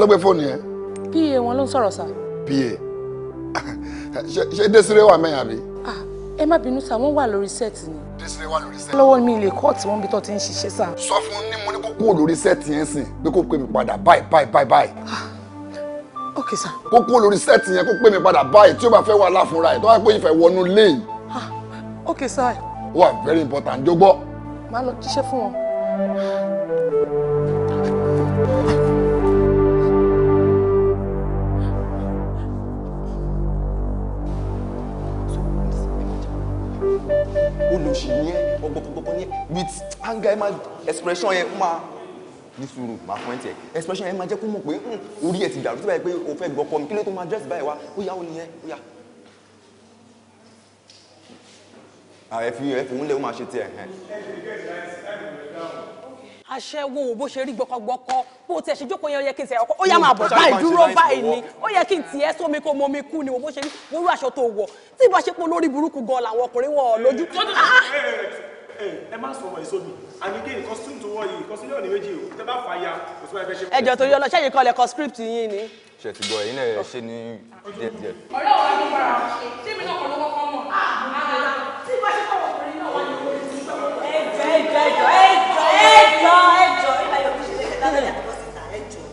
ló gbé fóònù yẹn. pa wọn ló ń sọ̀rọ̀ sá. pa ṣé Desire wà mẹ́yà bí. Ah, ẹ má bínú sá wọ́n wà lórí sẹ́ẹ̀tì ni. Desire wà lórí sẹ́ẹ̀tì. lọ́wọ́ mi lè kọ́ọ̀tì wọn bí tó ti ń ṣiṣẹ́ sá. sọ fún un ní mo ní kó kúrò lórí sẹ́ẹ̀tì yẹn sìn pé kó pè mí padà báyìí báyìí báyìí báyìí. Ah, ok sá. kó kúrò lórí sẹ́ẹ̀tì yẹn kó pè mí padà báyìí tí ó bá fẹ́ wà láfúnra ẹ̀ tó wá pé ìfẹ́ wọnú léyìí. Ah, ok sá. wà very important jọ̀gbọ́. má lọ jíṣẹ́ fún wọn. òṣì yẹn with anger ẹ expression yẹn máa ní sùúrù máa fún ẹ expression yẹn máa jẹ́ kó mọ̀ pé hmm, orí ẹ̀ ti dàrú tó báyìí pé o fẹ́ gbọ́kọ mi kí ló tó máa dress báyìí wá ó yá ó nìyẹn ó yá. ẹ fi ẹ fi ń lé ó máa ṣe tiẹ̀ aṣẹ́wó bó ṣe rí gbọkọgbọkọ bó tiẹ̀ ṣe jókòó yẹn ó yẹ kí n tiẹ̀ ọkọ ó yá máa bọ̀ báyìí dúró báyìí ni ó yẹ kí n tiẹ̀ sómi kó mọ mi kú ni bó ṣe rí wọ́n rú aṣọ tó wọ̀ tí ìbá ṣe pé olórí burúkú gan làwọn ọkùnrin wọ̀ lójú. Ah, ah. ẹ má sọ ọmọ èso mi àmì kí nǹkan sùn tó wọ yìí kọsílẹ̀ òní méjì o tẹ bá fà ya kò sí ẹgbẹ́ ṣe. ẹjọ ni. ṣe ti gbọ ẹyin náà ṣe ní díẹ̀díẹ̀. ọ̀rẹ́ òun ló ń ah, bára ẹjọ́ ẹjọ́ ẹjọ́ ẹjọ́ ẹjọ́ ìgbà yóò fi ṣe ṣẹ̀dá lẹ́yìn àtúbọ̀ síta ẹjọ́.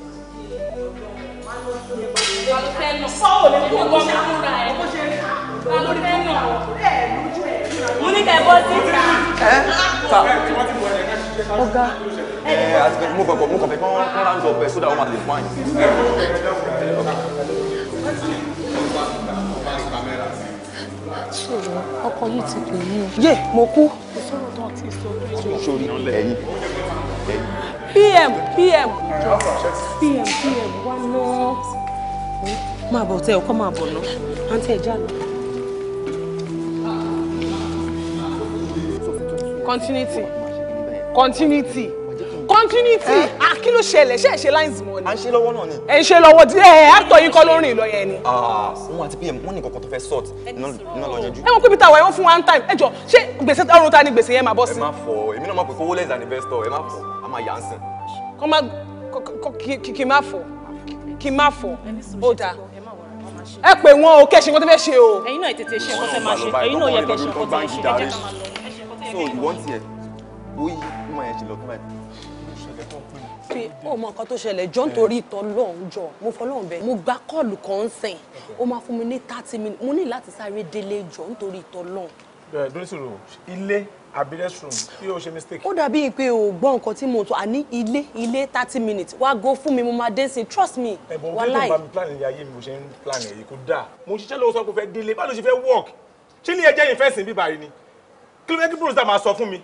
balùfẹ́ náà sọ́wọ́ lè fún ọgbọ́n máa múra ẹ̀ balùfẹ́ náà mo ní kẹ́ bọ́ síta. ọ̀gá ẹ àti mú bọ̀bọ̀ mú kàfẹ́ kí wọ́n round up ẹ̀ sódà wọ́n máa lè fún àyè. ọkọ yìí ti pè mí o. yé mo kú. kò sọ̀rọ̀ ẹyin pm pm pm pm wá ná. máa bọ̀ tẹ ọkọ máa bọ̀ ná àǹtí ẹ̀já lọ. continuity continuity continuity eh? ah, kí ló ṣẹlẹ̀ ṣe ṣe lines mọ́ ni. à ń ṣe lọ́wọ́ náà ni. ẹ ń ṣe lọ́wọ́ tí ẹ àtọ̀ yín kọ́ ló rìn lọ yẹn ni. Ah, wọn àti pm wọn ní nǹkan kan tó fẹ́ sort iná lọ yanjú. ẹ mọ̀ pé peter wà yẹn fún one time ẹ jọ ṣé gbèsè ọrùn ta ni gbèsè yẹn máa bọ́ sí. ẹ má fọ èmi náà mọ̀ pé kówó lẹ́sàn investor ẹ má fọ a máa yà á sìn. kọ́ má kí má fọ kí má fọ ó dáa ẹ pè wọn o kẹ́ ṣe nǹkan tó fẹ́ ṣe o. ẹ̀yin náà tètè ṣe nǹkan tẹ́ máa ṣe ẹ̀yin náà yẹ kẹ́ ṣe nǹkan tẹ́ ṣe ẹ ká máa lọ. so ìwọ́n tiẹ̀ ó yí kúmọ̀ yẹn ṣe lọ kúmọ̀ fi ó mọ nǹkan tó ṣẹlẹ̀ jọ nítorí ìtọ́ lọ́hún jọ mo fọlọ́hún bẹ́ẹ̀ mo gba kọ́ọ̀lù kan ń sìn ó máa fún mi ní thirty minutes mo ní láti sáré délé jọ nítorí ìtọ́ lọ́hún. bẹ́ẹ̀ dúró sòrò ilé àbí restroom tí o ṣe mistake. ó dàbí pé o gbọ́ nǹkan tí mo tó àní ilé ilé thirty minutes wá go fún mi mo máa dé sí trust me. ẹ̀bùn bí tó bá mi plan ìyá yé mi bó ṣe ń plan èyí kò dáa mo ń ṣiṣẹ́ lọ́wọ́ sọ pé o fẹ́ délé báwo ló ṣe fẹ́ work ṣé ní ẹjẹ́ yìí fẹ́ sìn bíbá yìí ni kí ló fẹ́ kí bros dá máa sọ fún mi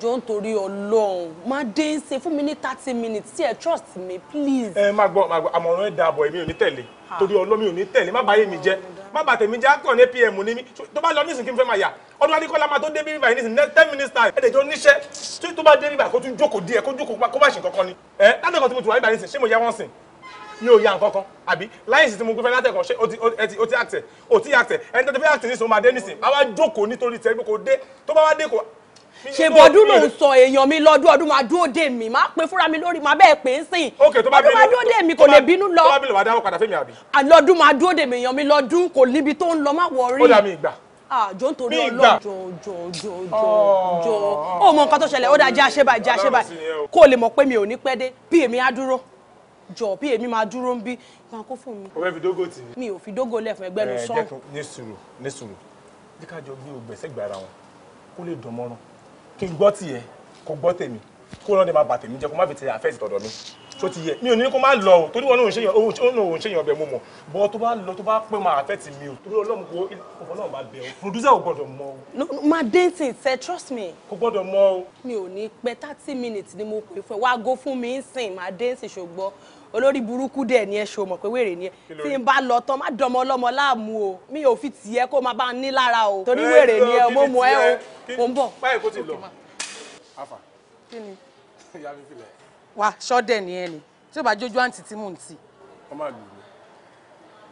jọ ń torí Ọlọ́run máa dé ń ṣe fún mi ní thirty minutes tí ẹ trust me please. ẹ má gbọ́ má gbọ́ àmọ̀ràn ẹ dàbọ̀ èmi ò ní tẹ̀lé torí Ọlọ́run mi ò ní tẹ̀lé má báyé mi jẹ́ má bàtẹ̀ mi jẹ́ akọ̀ ní pm ní mi tó bá lọ nísìnyí kí n fẹ́ máa yà ọdún adékọ́lá máa tó dé bí bíbá yìí nísìnyí ten minutes time ẹ̀ dẹ̀jọ́ níṣẹ́ tí tó bá dé bíbá kó tún jókòó díẹ̀ kó jókòó kó bá ṣe kankan ni ẹ látẹ̀kọ̀ tí mo ti wà bíbá yìí nísìnyí ṣé mo yá wọ́n sìn mi ò ya nǹkan kan àbí láyìn sì ti mo gbé fẹ́ látẹ̀kọ̀ ṣé o ti àtẹ̀ o ti àtẹ̀ ẹni tó ti fẹ́ àtẹ̀ nísìnyí o máa dé nísìnyí bá wá jókòó nítorí tẹ́ ṣe bọ́dún ló ń sọ èèyàn mi lọ́dún ọdún máa dúró dè mí máa pè fúnra mi lórí máa bẹ́ẹ̀ pè é sìn ọdún máa dúró dè mí kò lè bínú lọ àlọ́dún máa dúró dè mí èèyàn mi lọ́dún kò níbi tó ń lọ má wọrí. ó dà mí ìgbà àjò ń torí ọlọ́run jòjòjòjò oh. ó mọ nǹkan tó ṣẹlẹ̀ ó dáa jẹ́ àṣẹ báyìí jẹ́ àṣẹ báyìí kó o lè mọ̀ pé mi ò ní pẹ́ dé bí èmi á dúró jọ bí èmi máa dúró ń bí máa kó fún mi. o fẹ́ fi dógò tì í. mi ò fi dógò lẹ̀ fún ẹgbẹ́ mi sọ́n. ní sùúrù ní sùúrù bí ká jọ gbé ògbẹ́sẹ̀gbẹ́ ara wọn kó lè dán mọ́rán kí n gbọ́ tiẹ̀ kó gbọ́ tèmi kó lọ́ọ́ de máa bà tèmi jẹ́ kó má fi tẹ̀lé àfẹ́ ìtọ̀dọ̀ mi tó ti yẹ mi ò ní kó má lọ o torí wọn ò ń ṣèyàn ò ń ṣèyàn ọbẹ̀ mo mọ̀ bọ́ tó bá lọ tó bá pẹ́ máa àfẹ́ mi o torí ọlọ́run kò ọ̀pọ̀ náà bá bẹ̀ o producer ò gbọ́dọ̀ mọ̀ o. no ma dating sẹ trust me. kò gbọ́dọ̀ mọ̀ o. mi ò ní pẹ́ thirty minutes ni mo pè fún ẹ wá go fún mi ń sìn ma dating ṣùgbọ́n olórí burúkú dẹ̀ ni ẹ ṣe o mọ̀ pé wèrè ni ẹ tí n bá lọ tán má dọmọ ọlọ́mọ láàmú o mi ò fi tì ẹ kó má bá ń ní lára o torí wèrè ni ẹ mo mọ ẹ o mo ń bọ̀. báyìí kò ti lọ afa kí ni ìyá mi filẹ̀. wa sọ́dẹ̀ ni ẹ ni tí o bá jójú àǹtí tí mò ń tì. ọmọ àlùmí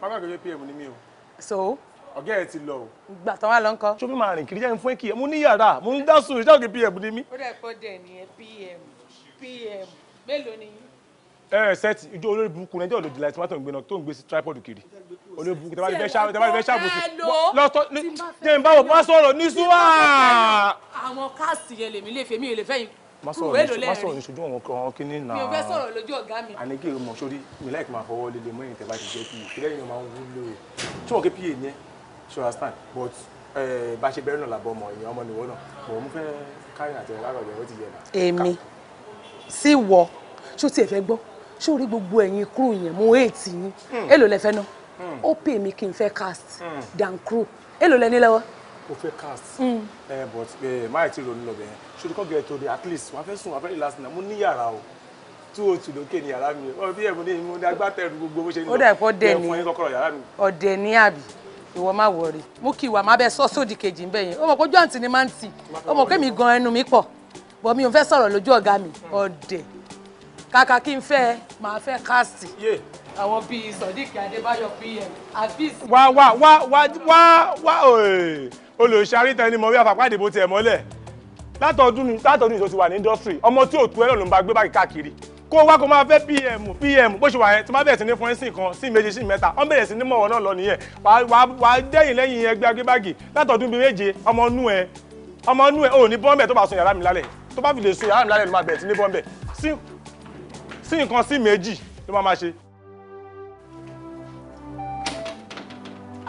pápá ìgbẹ́jọ́ pm ni mí o. so ọgá ẹ ti lọ o. ìgbà tán wà lọ ń kọ. ṣé mi máa rìn kiri jẹ́ fún èkì mo ní yàrá mo ń pm ẹ pm pm ẹ ijó olórí burúkú nàìjíríà lòdì láti tomato gbẹnà tó ń gbé sí tripod kiri olórí burúkú tẹmá ìfẹ ṣàbùsì tẹmá ìfẹ ṣàbùsì lọtọ jẹ n báwo bá sọ̀rọ̀ ní súwà. àwọn káàsì yẹn lèmi lè fèmí lè fẹyìn má sọ̀rọ̀ ní ṣojú àwọn kí ni náà. mi ò fẹ́ sọ̀rọ̀ lójú ọ̀gá mi. àníkè mọ̀ sórí mi láì máa fọwọ́ líle mọ́ ìyẹn tẹ̀ bá ti jẹ́ pé ìpínlẹ̀ yìí máa ń wúlò tí wọ́n ké pa yẹn ṣe understand but bá ṣe bẹ̀rẹ̀ náà làbọ̀ ọmọ ìyẹn ọmọ nìwọ náà mọ̀ mo fẹ́ káyọ̀ àti ẹ̀ lágbàdo ẹ̀ ti yẹ náà. èmi sí wọ ṣó tiẹ̀ fẹ́ gbọ́ ṣé orí gbogbo ẹ̀yin crew yẹn mo hate yín hmm. èlò lẹ fẹ́ ná hmm. ó pè mí kí n fẹ́ cast hmm. dan crew èlò lẹ ní lọ́wọ́. o fẹ́ cast ẹ eh, but eh, máyì tí ronú lọ́bẹ̀ yẹn ṣòro kọ́ gẹ̀ẹ́ torí at least wàá fẹ́ sùn wàá fẹ́ rí last night mo ní yàrá o tú òtù lókè ní yàrá mi ọ bí ẹ̀mú ní ìmú ní agbátẹrù gbogbo bó ṣe ń lọ ó dà ẹ̀fọ́ dẹ̀ ní ọ̀dẹ̀ ní àbí ìwọ má wọrí mú kí ìwà má bẹ sọ sódì kejì ń bẹ yẹn ó mọ kójú àǹtí ni máa ń tì ó mọ kémi gan ẹnu mi pọ̀ bọ̀ mi ò fẹ́ sọ̀rọ̀ lójú ọ̀gá mi ọ̀dẹ̀ kàkà kí n fẹ́ máa fẹ́ káàsì àwọn bíi sodiq adébáyọ̀ pm abis. wá wá wá wá wá wá olùsáré tẹni mọ bí àfàpàdé bó tiẹ̀ mọ́lẹ̀ látọdún mi látọdún ìṣó ti wà ní industry ọmọ tí òtún ẹlọ́run bá gbé báyìí káàkiri kó wá kó máa fẹ́ pm pm bó ṣe wà yẹn tí wọ́n bẹ̀rẹ̀ sí ní fún ẹ́sìn kan sí méje sí mẹ́ta wọ́n bẹ̀rẹ̀ sí ní mọ̀wọ́ náà lọ nìyẹn wàá dẹ́yìn lẹ́yìn ẹgbẹ́ agbébági látọdún bíi méje ọmọ nú ẹ ọmọ nú ẹ ò ní bọ́ńbẹ̀ tó bá sun yàrá mi lálẹ́ tó bá fi lè sun yàrá mi lálẹ́ ló máa bẹ̀rẹ̀ sí ní bọ́ńbẹ̀ sí nǹkan sí méjì ló máa máa ṣe.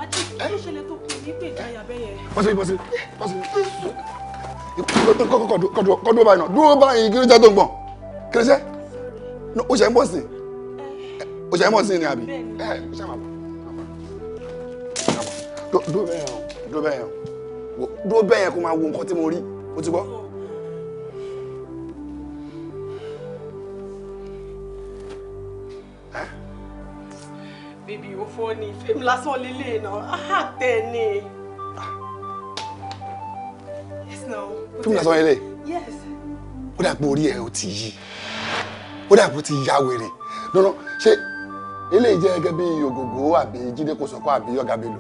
àti kí ló ṣẹlẹ̀ tó kù ní pé ìjayà bẹ́yẹ. pọ́sí pọ́sí kọ́dúró báyìí náà dúró báyìí kí ló jẹ́ tó ń gbọ̀n kí ó ṣe ń bọ̀ sí ó ṣe ń bọ̀ sí ni àbí ẹ dúró bẹ́ẹ̀ yẹn kó máa wo nǹkan tí mo rí ó ti gbọ́. bébí òfò ni fíìmù lásán lélẹ̀ náà áhà tẹ̀ ni. fíìmù lásán lélẹ̀ ó dà pé orí ẹ̀ ó ti yí ó dà pé ó ti ya wèrè lọ́nà ṣé eléyìí jẹ́ gẹ́gẹ́ bí ògògó àbí jíde kò sọ́kọ́ àbí ọ̀gá bello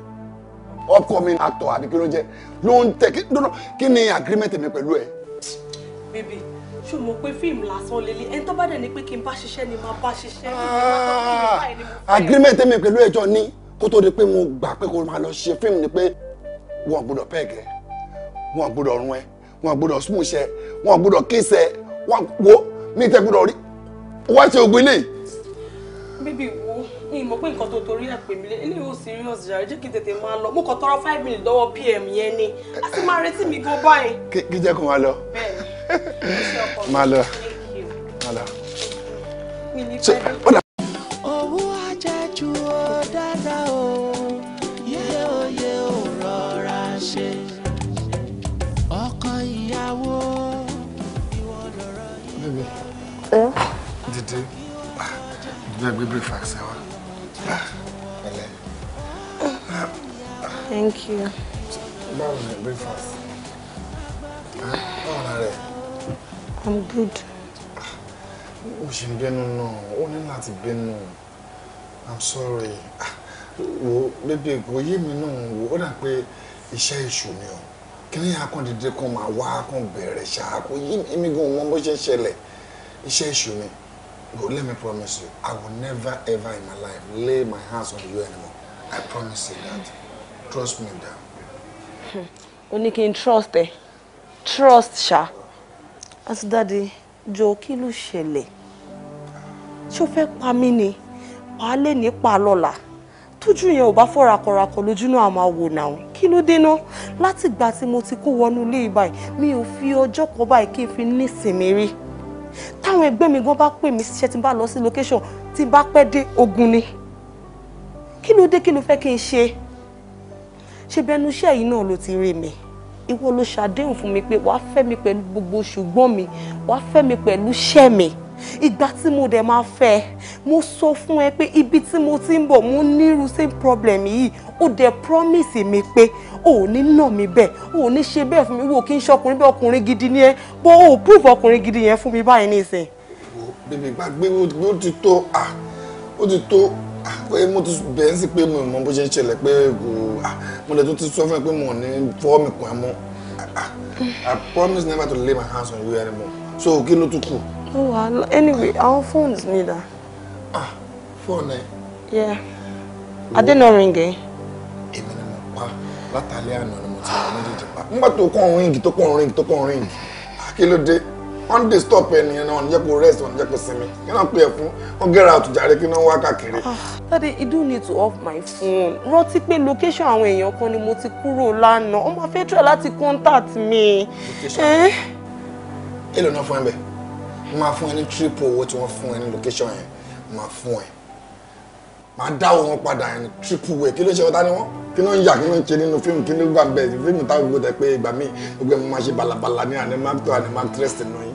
upcoming actor àbí kí ló jẹ́ ló ń tẹ̀ kí ni agreement mi pẹ̀lú ẹ. bébí ṣó mọ̀ pé fíìmù lásán lélẹ̀ ẹni tó bá dẹ̀ ní pé kí n bá ṣiṣẹ́ ni máa bá ṣiṣẹ́ agreement mi pẹ̀lú ẹjọ́ ní kó tó di pé mo gbà pé kó máa lọ ṣe fíìmù ni pé wọn gbọ́dọ̀ pẹ́ẹ̀gẹ́ wọn gbọ́dọ̀ rún ẹ wọn gbọ́dọ̀ súnmùṣẹ wọn gbọ́dọ̀ kíṣẹ wọn wo mi tẹ gbọ́dọ̀ rí wá ṣe ògùn ilé. bíbí wo ní ìmọ̀ pé nǹkan tó torí àpè mi lé eléyìí ò serious jàre jẹ́ kí n tètè máa lọ mo kàn tọrọ five minutes lọ́wọ́ pm yẹn ni a sì máa retí mi gan báyìí. kí jẹ́ kó máa lọ. bẹ́ẹ̀ ni máa lọ máa lọ. owó àjẹjù ó dára o yẹ òye ò breakfast ẹ Thank you. Báwo ni breakfast? Báwo I'm good. O ṣì ń bínú náà, ó ní láti bínú. I'm sorry. Ah, wo bébí ègò yé mi náà wò ó dà pé iṣẹ́ èṣù ni o. Kíní akọ́ndídé kan máa wá kan bẹ̀rẹ̀ ṣáàkó yé mi èmi gan mọ bó ṣe ń ṣẹlẹ̀. Iṣẹ́ èṣù ni. Go let me promise you, I will never ever in my life lay my hands on you anymore. I promise you that. Trust me, dad. O hmm. ní kí n trust ẹ. Trust ṣáà àti dáde jọ kí ló ṣẹlẹ̀ ṣé o fẹ́ pa mí ni pa á lè ní pa lọ́la tójú yẹn ò bá fọ́ra kọrakọ lójú náà máa wò náà kí ló dénà látìgbà tí mo ti kó wọnú ilé ìbáyìí mi ò fi ọjọ́ kan báyìí kí n fi nísìmí rí táwọn ẹgbẹ́ mi gan bá pè mí ṣiṣẹ́ tí n bá lọ sí location tí n bá pẹ́ dé ogun ni kí ló dé kí ló fẹ́ kí n ṣe ṣe bẹnu iṣẹ́ yìí náà ló ti rí mi ìwọ ló ṣàdéhùn fún mi pé wàá fẹ́ mi pẹ̀lú gbogbo ṣùgbọ́n mi wàá fẹ́ mi pẹ̀lú ṣẹ́ mi ìgbà tí mo dẹ̀ máa fẹ́ ẹ mo sọ fún ẹ pé ibi tí mo ti ń bọ̀ mo nírú same problem yìí ó dẹ̀ promise mi pé ò ní nà mí bẹ́ẹ̀ ò ní ṣe bẹ́ẹ̀ fún mi wò kí n ṣọkùnrin bẹ́ẹ̀ ọkùnrin gidi ni ẹ bó o prove ọkùnrin gidi yẹn fún mi báyìí nísìnyí. bèbè gbàgbé ó ti tó pé mo ti bẹ̀ẹ́ sí pé mo mọ bó ṣe ń ṣẹlẹ̀ pé ah, mo lè tún ti sọ fún ẹ pé mo ní fọwọ́ mi kàn ẹ́ mọ́ ah, I promise never to lay my hands on you anymore so kí ló tún kù. ó wà á anyway our phones ní ìdá. ah phone ẹ. yeah adé náà ring ẹ. èmi ni mo pa látàlẹ́ àná ni mo ti rìn méjèèjì pa nígbà tó kàn ring tó kàn ring tó kàn ring ah, kí ló dé wọ́n dé stop ẹni yẹn náà wọ́n jẹ́ kó rest wọ́n jẹ́ kó sinmi kí náà pè é fún wọ́n gẹ́ra àtújáre kí náà wá káàkiri. Ah, Daddy, you do need to off my phone rántí pé location àwọn èèyàn kan ni mo ti kúrò lánàá ó máa fẹ́ try láti contact mi. Eh? èlò náà fún ẹ bẹ́ẹ̀ máa fún ẹ ní triple owó tí wọ́n fún ẹ ní location yẹn máa fún ẹ máa dá wọn padà ẹni triple way kí ló ṣe ọ̀tá ni wọ́n kí ló ń yà kí ló ń ṣe nínú fíìmù kí ló gbà ń bẹ fíìmù táwọn gbọdọ̀ pé ìgbà míì gbogbo ẹ̀ mo máa ṣe balabala ní àná máa tó àná máa tẹ̀sítì nù yín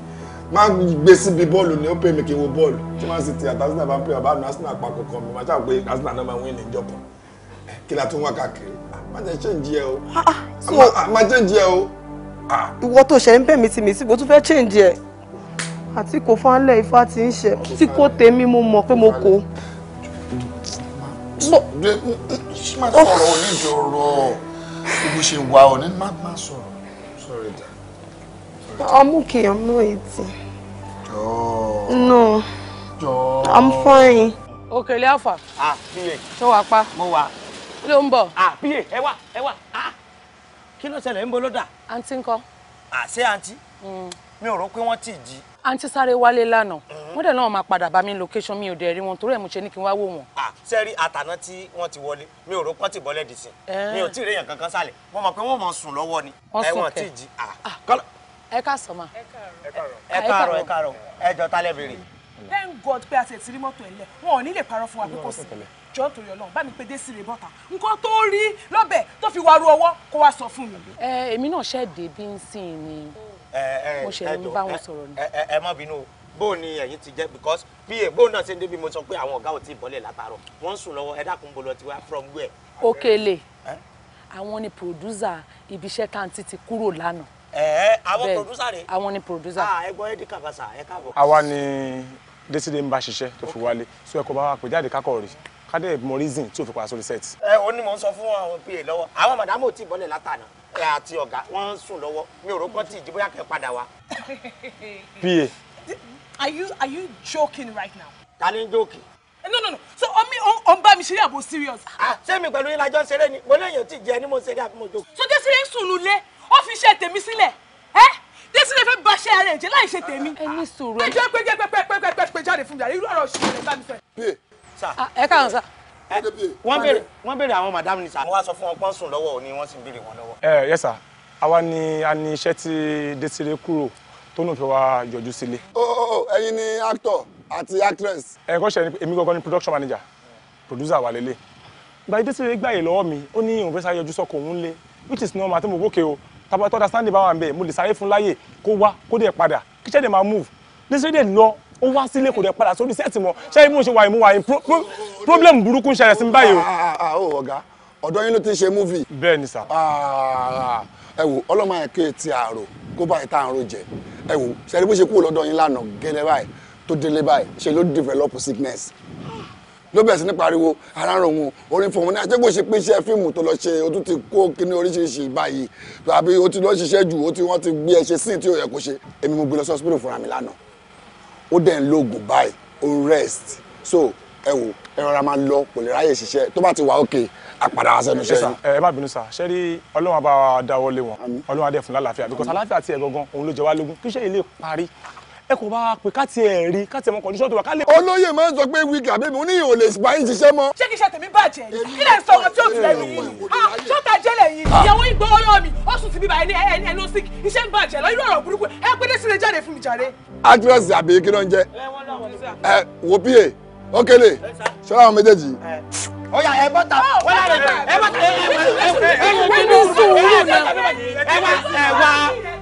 máa gbé síbi bọ́ọ̀lù ni ó pè mí kí n wo bọ́ọ̀lù tí wọ́n sì ti àtàsínà bá ń pè wá bá mi Arsenal mi máa ṣàpè Arsenal náà máa wí ní ìjọkan kí o ah, ah, má change ẹ o. I'm okay, I'm not eating. Jọ̀ọ́. No. Jọ̀ọ́. I'm fine. Òkèlè àfà. Ah, P.A. Ṣé wàá pa? Mo wà. Kí ló ń bọ̀? Ah, P.A. Ẹ wá, ẹ Ah, kí ló ṣẹlẹ̀ ń bọ̀ Auntie Àǹtí ńkọ́. Àṣé ah, àǹtí? Mm. Mi ò rò pé wọ́n ti àǹtí sáré wálé lánàá mhm. wọ́n dẹ̀ náà máa padà bá mi location mi ò dẹ̀ rí wọn torí ẹ̀ mo ṣe ní kí n wá wò wọ́n. à ah, sẹ́rí àtàná tí wọ́n ti wọlé mi ò rò pọ́n ti bọ́lẹ̀ dì sí mi ò eh. tí ì réyàn kankan sálẹ̀ mo mọ̀ pé wọ́n mọ̀ sùn lọ́wọ́ ni ẹ̀wọ̀n tí ì jí. Ah. Ah, ẹ káàsán ma. ẹ káàárọ̀ ẹ káàárọ̀ ẹ jọ tálẹ̀ béèrè. thank god pé a ṣe ti rí mọ́tò ẹ̀ lẹ̀ wọn ò ní lè parọ́ fún wa pé kò sí jọ́ torí ọlọ́run bá mi pé dé síre bọ́ta nǹkan tó rí lọ́bẹ̀ tó fi wá ru ọwọ́ kó wá sọ fún mi. ẹ eh, èmi náà ṣẹ̀ dé bí ń sìn ni. Oh mo ṣe ń bá wọn sọ̀rọ̀ ni. ẹ má bínú o bó ni ẹ̀yin ti jẹ́ because pa bó náà ṣe ń débi mo sọ pé àwọn ọ̀gá ò tí ì bọ́lẹ̀ látàárọ̀ wọ́n ń sùn lọ́wọ́ ẹ dákun bolo ti wá from where. Okele àwọn ni producer ibiṣẹ́ kanti ti kúrò lánàá. ẹ àwọn producer rẹ. àwọn ni producer. ẹ gbọ́ ẹ dín kàfàṣà ẹ káàbọ̀. àwa ni Désídé ń bá ṣiṣẹ́ tó fi wálé so ẹ kò bá wa pè jáde kákọ̀ rí kádẹ́ mọ reason tí ò fi pa sórí set. ẹ àti ọ̀gá wọ́n ń sùn lọ́wọ́ mi ò rò pọ́n tí ìdìbò yà kẹ́ padà wá. pa. are you are you joking right now. ta ni jókè. no no no so omi òun bá mi ṣeré àbò serious. ṣé mi pẹ̀lú yín lajọ́ ṣeré ni mo léèyàn tí jẹ ni mo ṣeré àbí mo jókè. so désiré ń sùn nulẹ̀ ó fi iṣẹ́ tèmi sílẹ̀ ẹ́ désiré fẹ́ bá ṣe ara ẹ̀ jẹ́ láì ṣe tèmi. ẹ ní sùúrù ẹ. jẹ́ pé jẹ́ pé pé pé pé jáde fún mi àrí irú ọ̀rọ̀ ṣùgbọ́n ẹ bá mi fẹ́. pa ẹ káàárọ̀ sá wọ́n béèrè wọ́n béèrè àwọn madam ni sa. wọ́n wá sọ fún wọn pọ́n sùn lọ́wọ́ òní wọ́n sì béèrè wọn lọ́wọ́. ẹ eh, yes sir àwa ni a ní iṣẹ́ tí desire kúrò tó nù fẹ́ wá yọjú sílé. o oh, o oh, oh, ẹ̀yin ni actor àti actress. ẹ eh, kọ́ ṣe èmi gangan ni production manager producer wa lélẹ̀ gba desire gbàyè lọ́wọ́ mi ó ní òun fẹ́ sáré yọjú sọ́kọ̀ òun lé which is normal àti mo wókè o tàbí tọ́da sunday bá wà ń bẹ̀ mo lè sáré fún láyè kó wá kó dẹ̀ padà kíṣẹ́ dẹ̀ máa move desire dẹ̀ lọ ó wá sílé kò dẹ̀ padà sórí sẹ́ẹ̀tì mọ́ ṣé ibi mo ṣe wà ìmú wà ní problem burúkú ń ṣẹlẹ̀ sí báyìí o. Ah, ah, ah, oh, ọ̀gá ọ̀dọ́ yín ló ti ń ṣe múvì. bẹ́ẹ̀ ni sà. ẹ wo ọlọ́mọ ẹ̀ kéè ti àrò kó báyìí tá à ń ro jẹ ẹ wo ṣẹ́ni bó ṣe kúrò lọ́dọ̀ yín lánàá gẹ́lẹ́ báyìí tó délé báyìí ṣe ló develop sickness ló bẹ̀rẹ̀ sí ní pariwo ara ràn wọn orin fún wọn ní àti kò ṣe pé iṣẹ́ fíìmù tó lọ ṣe o tún ti kó kíní oríṣiríṣi báyìí àbí o ti lọ ṣiṣẹ́ jù o ti wọ́n ti gbé ẹ ṣe sí tí o yẹ kó ṣe èmi mo gbé lọ sí hospital fúnra mi lánàá ó dẹ̀ ń lóògùn báyìí ó rest so ẹ wò ẹ rọra máa lọ kò lè ráyè ṣiṣẹ́ tó bá ti wà òkè àpàdà sẹ́nu sẹ́yìn. ẹ má bínú sá ṣé rí ọlọ́run bá wa dáwọ́ lé wọn ọlọ́run á fún lálàáfíà because àlàáfíà tiẹ̀ gangan òun ló jẹ wá lógún kí ṣe ilé parí ẹ kò bá wa pè ká tiẹ̀ rí ká tiẹ̀ mọ kọ̀díṣọ́ tó wà ká lè. olóyè máa ń sọ pé wíìgì àbẹ́bí mo ní ìhò lè bá yín ṣiṣẹ́ mọ́. ṣé kí iṣẹ́ tèmi bàjẹ́ kí lè sọ ọ̀rọ̀ tí ó ti lẹ́nu kúlù ṣọ́ta jẹ́lẹ̀ yìí ìyàwó ìgbọ́ ọlọ́ọ̀ mi ó sùn síbi báyìí ní ẹnu sick iṣẹ́ ń bàjẹ́ lọ irú ọ̀rọ̀ burúkú ẹ pé dé sílẹ̀ jáde fún mi jàre. actress àbí kí ló ń jẹ ẹ wo pa okele ṣọlá àwọn méjèèjì. ọ̀yà ẹ bọ́ta wọ́n lára ẹ bọ́ta ẹ wá ẹ wá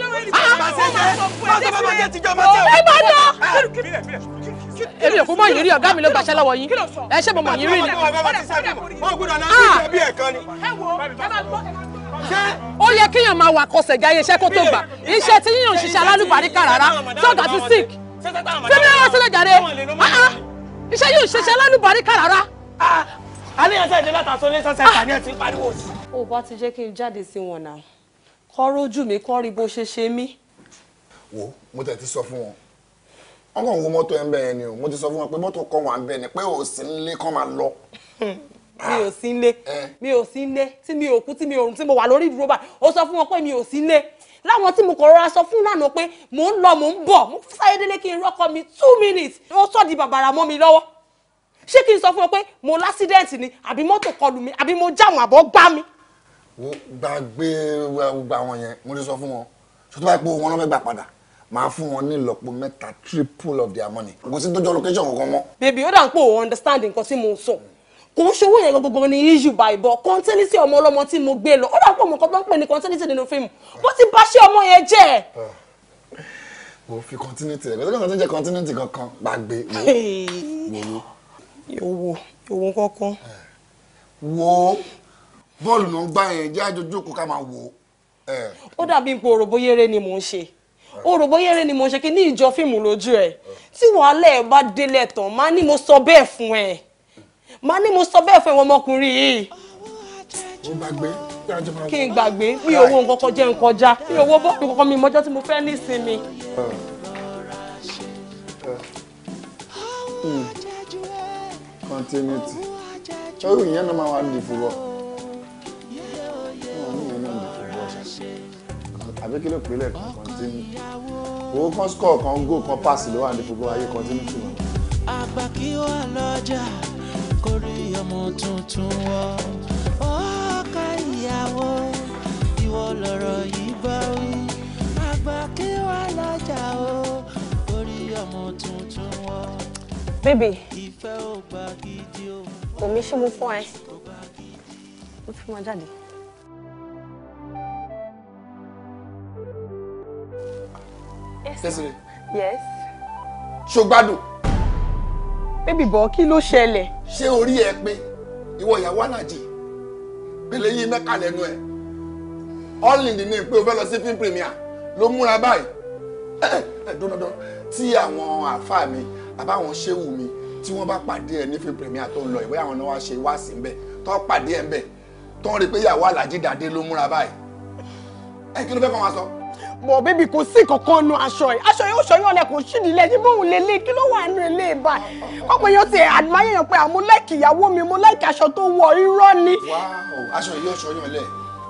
èmi ò fún mọ ìrírí ọ̀gá mi ló gbaṣẹ́ lọ́wọ́ yín ẹ ṣe mọ̀ mọ̀ yín rí ni. ó yẹ kíyàn máa wà kọsẹ̀ gáyé iṣẹ́ kó tó gbà iṣẹ́ tí yíyàn ṣiṣẹ́ alálùbáríkà rárá tọ́gà ti sick fẹ́mi ẹ̀rọ sílẹ̀ jàre ah, ah. iṣẹ́ yóò ṣiṣẹ́ alálùbáríkà rárá. Ah, àníyàn sẹ́yìn láti àtúnlé sọ́sẹ̀ ìpàdé ẹ̀ ti ń pariwo sí. ó bá ti jẹ́ kí n jáde sí wọn náà kọ́ rójú mi kọ́ rí bó ṣe ṣe mí. wo mo tẹ̀ ti sọ fún wọn wọn wo mọ́tò ẹ̀ ń bẹ̀ yẹn ni o mo ti sọ fún wọn pé mọ́tò kan wà ń bẹ̀ ni pé ò sí nílé kan máa lọ. mi ò sí nílé ah. eh. mi ò sí nílé tí mi ò kú tí mi ò rùn tí mo wà lórí ìdúró báyìí ó sọ fún wọn pé mi ò sí nílé láwọn tí mo kọ̀ rọra sọ fún lánàá pé mò ń lọ mò ń bọ̀ mo sáré délé kí n rọ́kọ mi two minutes ó sọ di bàbàrà mọ́ mi lọ́wọ́ ṣé kí n sọ fún ọ pé mo lásídẹ̀ǹtì ni àbí mọ́tò kọlù mi àbí mo jáwọn àbọ̀ gbá mi gbàgbé gbogbo àwọn yẹn mo ti sọ fún wọn tó tó bá pé owó wọn fẹ́ gbà padà máa fún wọn ní ìlọ́po mẹ́ta triple of their money kò sí dójú location kankan mọ́. bèbí ó dà ń pò ó understand nǹkan tí mo ń sọ kò ń ṣòwò yẹn gbogbo ní issue by bọ kọ́ńtẹ́nìtì ọmọ ọlọ́mọ tí mo gbé lọ ó dà ń pò mọ́ kọ́ńtẹ́nìtì pè ní kọ́ńtẹ́nìtì nínú fíìmù bó ti bá ṣe ọmọ yẹn jẹ́ mo fi kọ́ńtínẹ́tì rẹ̀ kọ́ńtínẹ́tì kan jẹ́ kọ́ńtínẹ́tì kankan gbàgbé wo. yòówó yòówó kankan. wo bọ́ọ̀lù ló ń gbá yẹn jẹ́ àjọjú kó ká máa wò ó. ó dàbí ipò òròbóyéré ni mò ń ṣe òròbóyéré ni mò ń ṣe kí ní ìjọ fíìmù lójú ẹ tí wàhálà ẹ bá délẹ̀ tán má ní mo sọ bẹ́ẹ̀ fún ẹ má ní mo sọ bẹ́ẹ̀ fún ẹ ọmọkùnrin yìí. ó gbàgbé kí n gbàgbé mi ò wo nǹkan kan jẹ́ nǹkan já mi ò wo bọ́ọ̀lù kankan mi mọ́jọ́ tí mo fẹ́ ní ìsinmi. Hmm. continuity ó yìnyín náà máa wá dìbò wọ. àbí kí ló pè lẹ́ẹ̀kan kọ́ntínú owó kan score kan go kan pass ló wà gbogbo ayé kọ́ntínú tù àgbà kí ó wà lọ́jà kó rí ọmọ tuntun wọ ọkà ìyàwó ìwọ lọ̀rọ̀ yìí bá wí àgbà kí ó wà lọ́jà o kó rí ọmọ tuntun wọ. bébì ìfẹ́ ò gbà gidi o. omi ṣé mo fọ́ ẹ mo fi mọ jáde. Desire. Yes. Ṣo gbádùn? Bébì bọ̀ kí ló ṣẹlẹ̀? Ṣé orí ẹ pé ìwọ ìyàwó àlàjì? Pèlè yí mẹ́ka lẹ́nu ẹ̀. All in the name pé o fẹ́ lọ sí film premier ló múra báyìí. Eh, eh, Dúnadán tí àwọn àáfàá mi àbáwọn ṣéwù mi tí wọ́n bá pàdé ẹ ní film premier tó ń lọ ìwé àwọn náà wá ṣe wá sí ń bẹ̀ tó pàdé ẹ ń bẹ̀ tó ń rí pé ìyàwó àlàjì dàdé ló múra báyìí. Ẹ eh, kí ló fẹ́ kọ́ sọ? bọ̀ bébì kò sí kankan nu aṣọ yìí aṣọ yìí ó ṣọyún ọ̀lẹ kò ṣídìí lẹ́yìn bóun lè lé kí ló wà nù ilé ìbá ọ̀pọ̀ èèyàn ti àdìmáyé yàn pé àmú láìkì ìyàwó mi mo láìkì aṣọ tó wọ irọ́ ni. aṣọ yìí ó ṣọyún ọ̀lẹ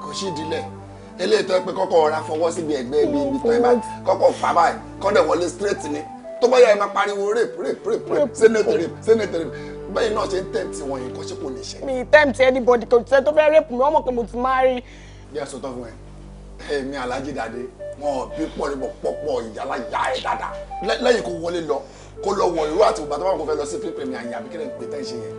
kò ṣídìí lẹ̀ eléyìí tó pé kọ́kọ́ ọ̀rá fọwọ́ síbi ẹ̀gbẹ́ ibi oh ibi bá kọ́kọ́ fà báyìí kọ́dẹ̀ wọlé straight ni tó bá yà ẹ máa pariwo rape rape rape rape senator rape senator rape bẹ́ẹ̀ náà ṣe ń tempt wọn yìí kò sí kò ní ṣe. mi tempt anybody kò tẹ́ tó fẹ́ mi wọ́n mọ̀ wọn bí pọ̀lìpọ̀ pọ̀pọ̀ ìyálà ya ẹ̀ dáadáa lẹ́yìn kó wọlé lọ kó lọ wọ ìró àti ìgbà tó bá wọn fẹ́ lọ sí pípẹ́ mi àyàn àbíkẹ́rẹ́ ń pè tẹ́ ṣe yẹn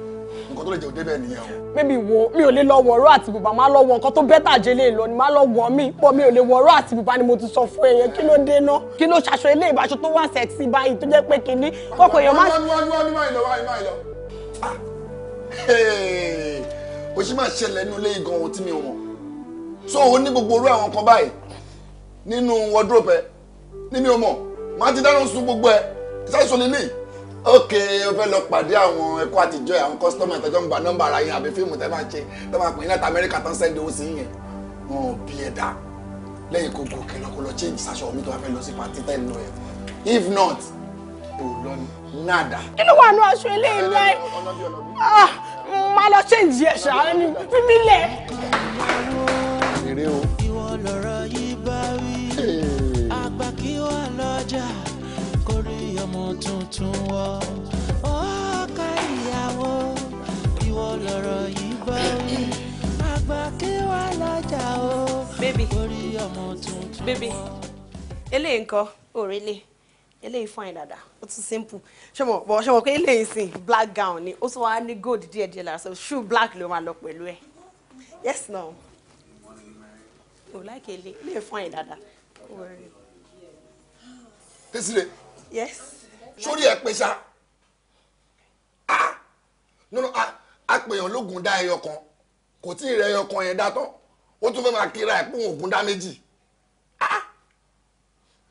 nǹkan tó lè jẹ́ òde bẹ́ẹ̀ nìyẹn o. bébí wo mi ò lè lọ wọ̀ọ́rọ́ àti bùbá máa lọ wọ nǹkan tó bẹ́tà jẹ́ lè lọ ni máa lọ wọ̀ mí pọ̀ mi ò lè wọ̀ọ́rọ́ àti bùbá ni mo ti sọ fún ẹ̀yẹn kí ló dé ná kí ló ṣaṣọ ilé ìbáṣọ tó wà sẹ́ẹ̀sì báyìí tó jẹ́ pé kínní kọ́kọ́ èèyàn má. o ṣì ah, máa ṣẹlẹ̀ nínú ilé igan ohun tí mi ò mọ̀ so o ní gbogbo orú àwọn kan báyìí nínú wardrobe ẹ ní mi ò mọ̀ màá ti dáná sun gbogbo ẹ ṣáṣọ lélẹ̀ ok o fẹ́ lọ pàdé àwọn ẹ̀kọ́ àtijọ́ àwọn kọ́sítọ́mù ẹ̀tọ́jọ́ ń gba nọ́mbà ara yẹn àbí fíìmù tẹ́ máa ṣe tẹ́ máa pè ní láti amẹ́ríkà tán sẹ́ndì owó sí yẹn wọn ò bí ẹ dá kó gòkè lọ lọ change ṣáṣọ mi tó wá fẹ́ lọ sí pàtí tẹ́ nù ẹ̀ if not ò lọ nada. kí ló wà nù aṣọ eléyìí láì ah, máa lọ change yẹ ṣáà ní fífi lẹ̀. lọ́jà kórí ọmọ tuntun wọ. ọkọ ìyàwó ìwọ lọ̀rọ̀ yìí bá wí àgbà kí wà lọ́jà o kórí ọmọ tuntun wọ. bébì eléyìí nǹkan òrèlè eléyìí fine dada ó tún simple ṣé mo bọ ṣé mo pé eléyìí sìn black gown ni ó tún wá ní gold díẹ̀ díẹ̀ lára so shoe black ló máa lọ pẹ̀lú ẹ̀ yes no ò láìké ilé ilé fún àyè dáadáa. Desire. Yes. Sori ẹ pe sa. Ah! No no ah! Apèyàn lógun dá ẹyọ kan. Kò tí ì rẹ ẹyọ kan yẹn dá tán. Ó tún fẹ́ máa kíra ẹ̀ pé òògùn dá méjì. Ah!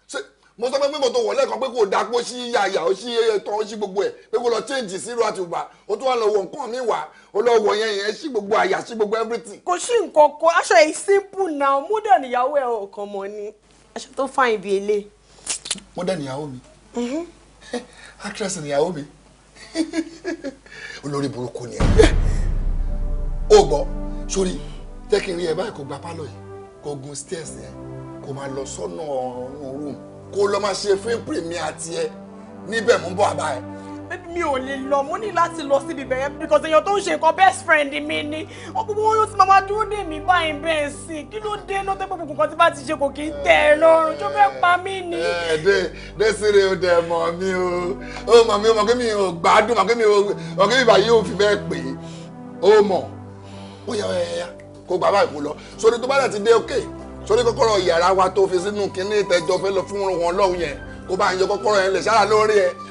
Ṣé mo sọ pé pé mo tó wọ̀ lẹ́ẹ̀kan pé kò dá pé ó ṣí yàyà ó ṣí ẹ̀tọ́ ó ṣí gbogbo ẹ̀ pé kò lọ change sílùú àti ìgbà ó tún wà lọ wọ nǹkan mi wà ó lọ wọ yẹn yẹn ṣí gbogbo àyà ṣí gbogbo everything. Kò sí nǹkan kan aṣọ yìí simple now modern ìyàwó ẹ̀ ọ̀kan mọ̀ ni aṣọ tó fine bíi eléyìí modern ìyàwó mi mhm. actress ìyàwó mi olórí burúkú ni ẹ ó gbọ́ sórí jẹ́ kí n rí ẹ báyìí kó gba pálọ̀ yìí kó gun stairs yẹn kó máa lọ sọ́nà ọ̀run room kó lọ máa ṣe fún premier tiẹ̀ níbẹ̀ mú bọ̀ àbá ẹ̀ bébí mi ò lè lọ mo ní láti lọ síbi bẹ̀rẹ̀ because èèyàn tó ń ṣe nǹkan best friend mi ni wọ́n gbogbo wọn yóò ti máa dúró dè mí báyìí bẹ́ẹ̀ sí i kí ló dé náà tó gbogbo nǹkan tí bá ti ṣe kò kí ń tẹ̀ ẹ́ lọ́rùn tó fẹ́ pa mí ni. ẹ dé dé síre o dẹ mọ mi o ó mọ mi o mọ pé mi ò gbádùn mọ pé mi ò mọ pé mi bàyí ò fi bẹ́ẹ̀ pè é ó mọ ó yà ẹ kó gbà báyìí kó lọ sórí tó bá dà ti dé òkè sórí kọ́kọ́rọ́ yàrá wa tó fi sínú kínní ìtẹ́jọ́ fẹ́ lọ fún wọn lọ́hùn yẹn kó bá ń yọ kọ́kọ́rọ́ yẹn lẹ̀ sára lórí ẹ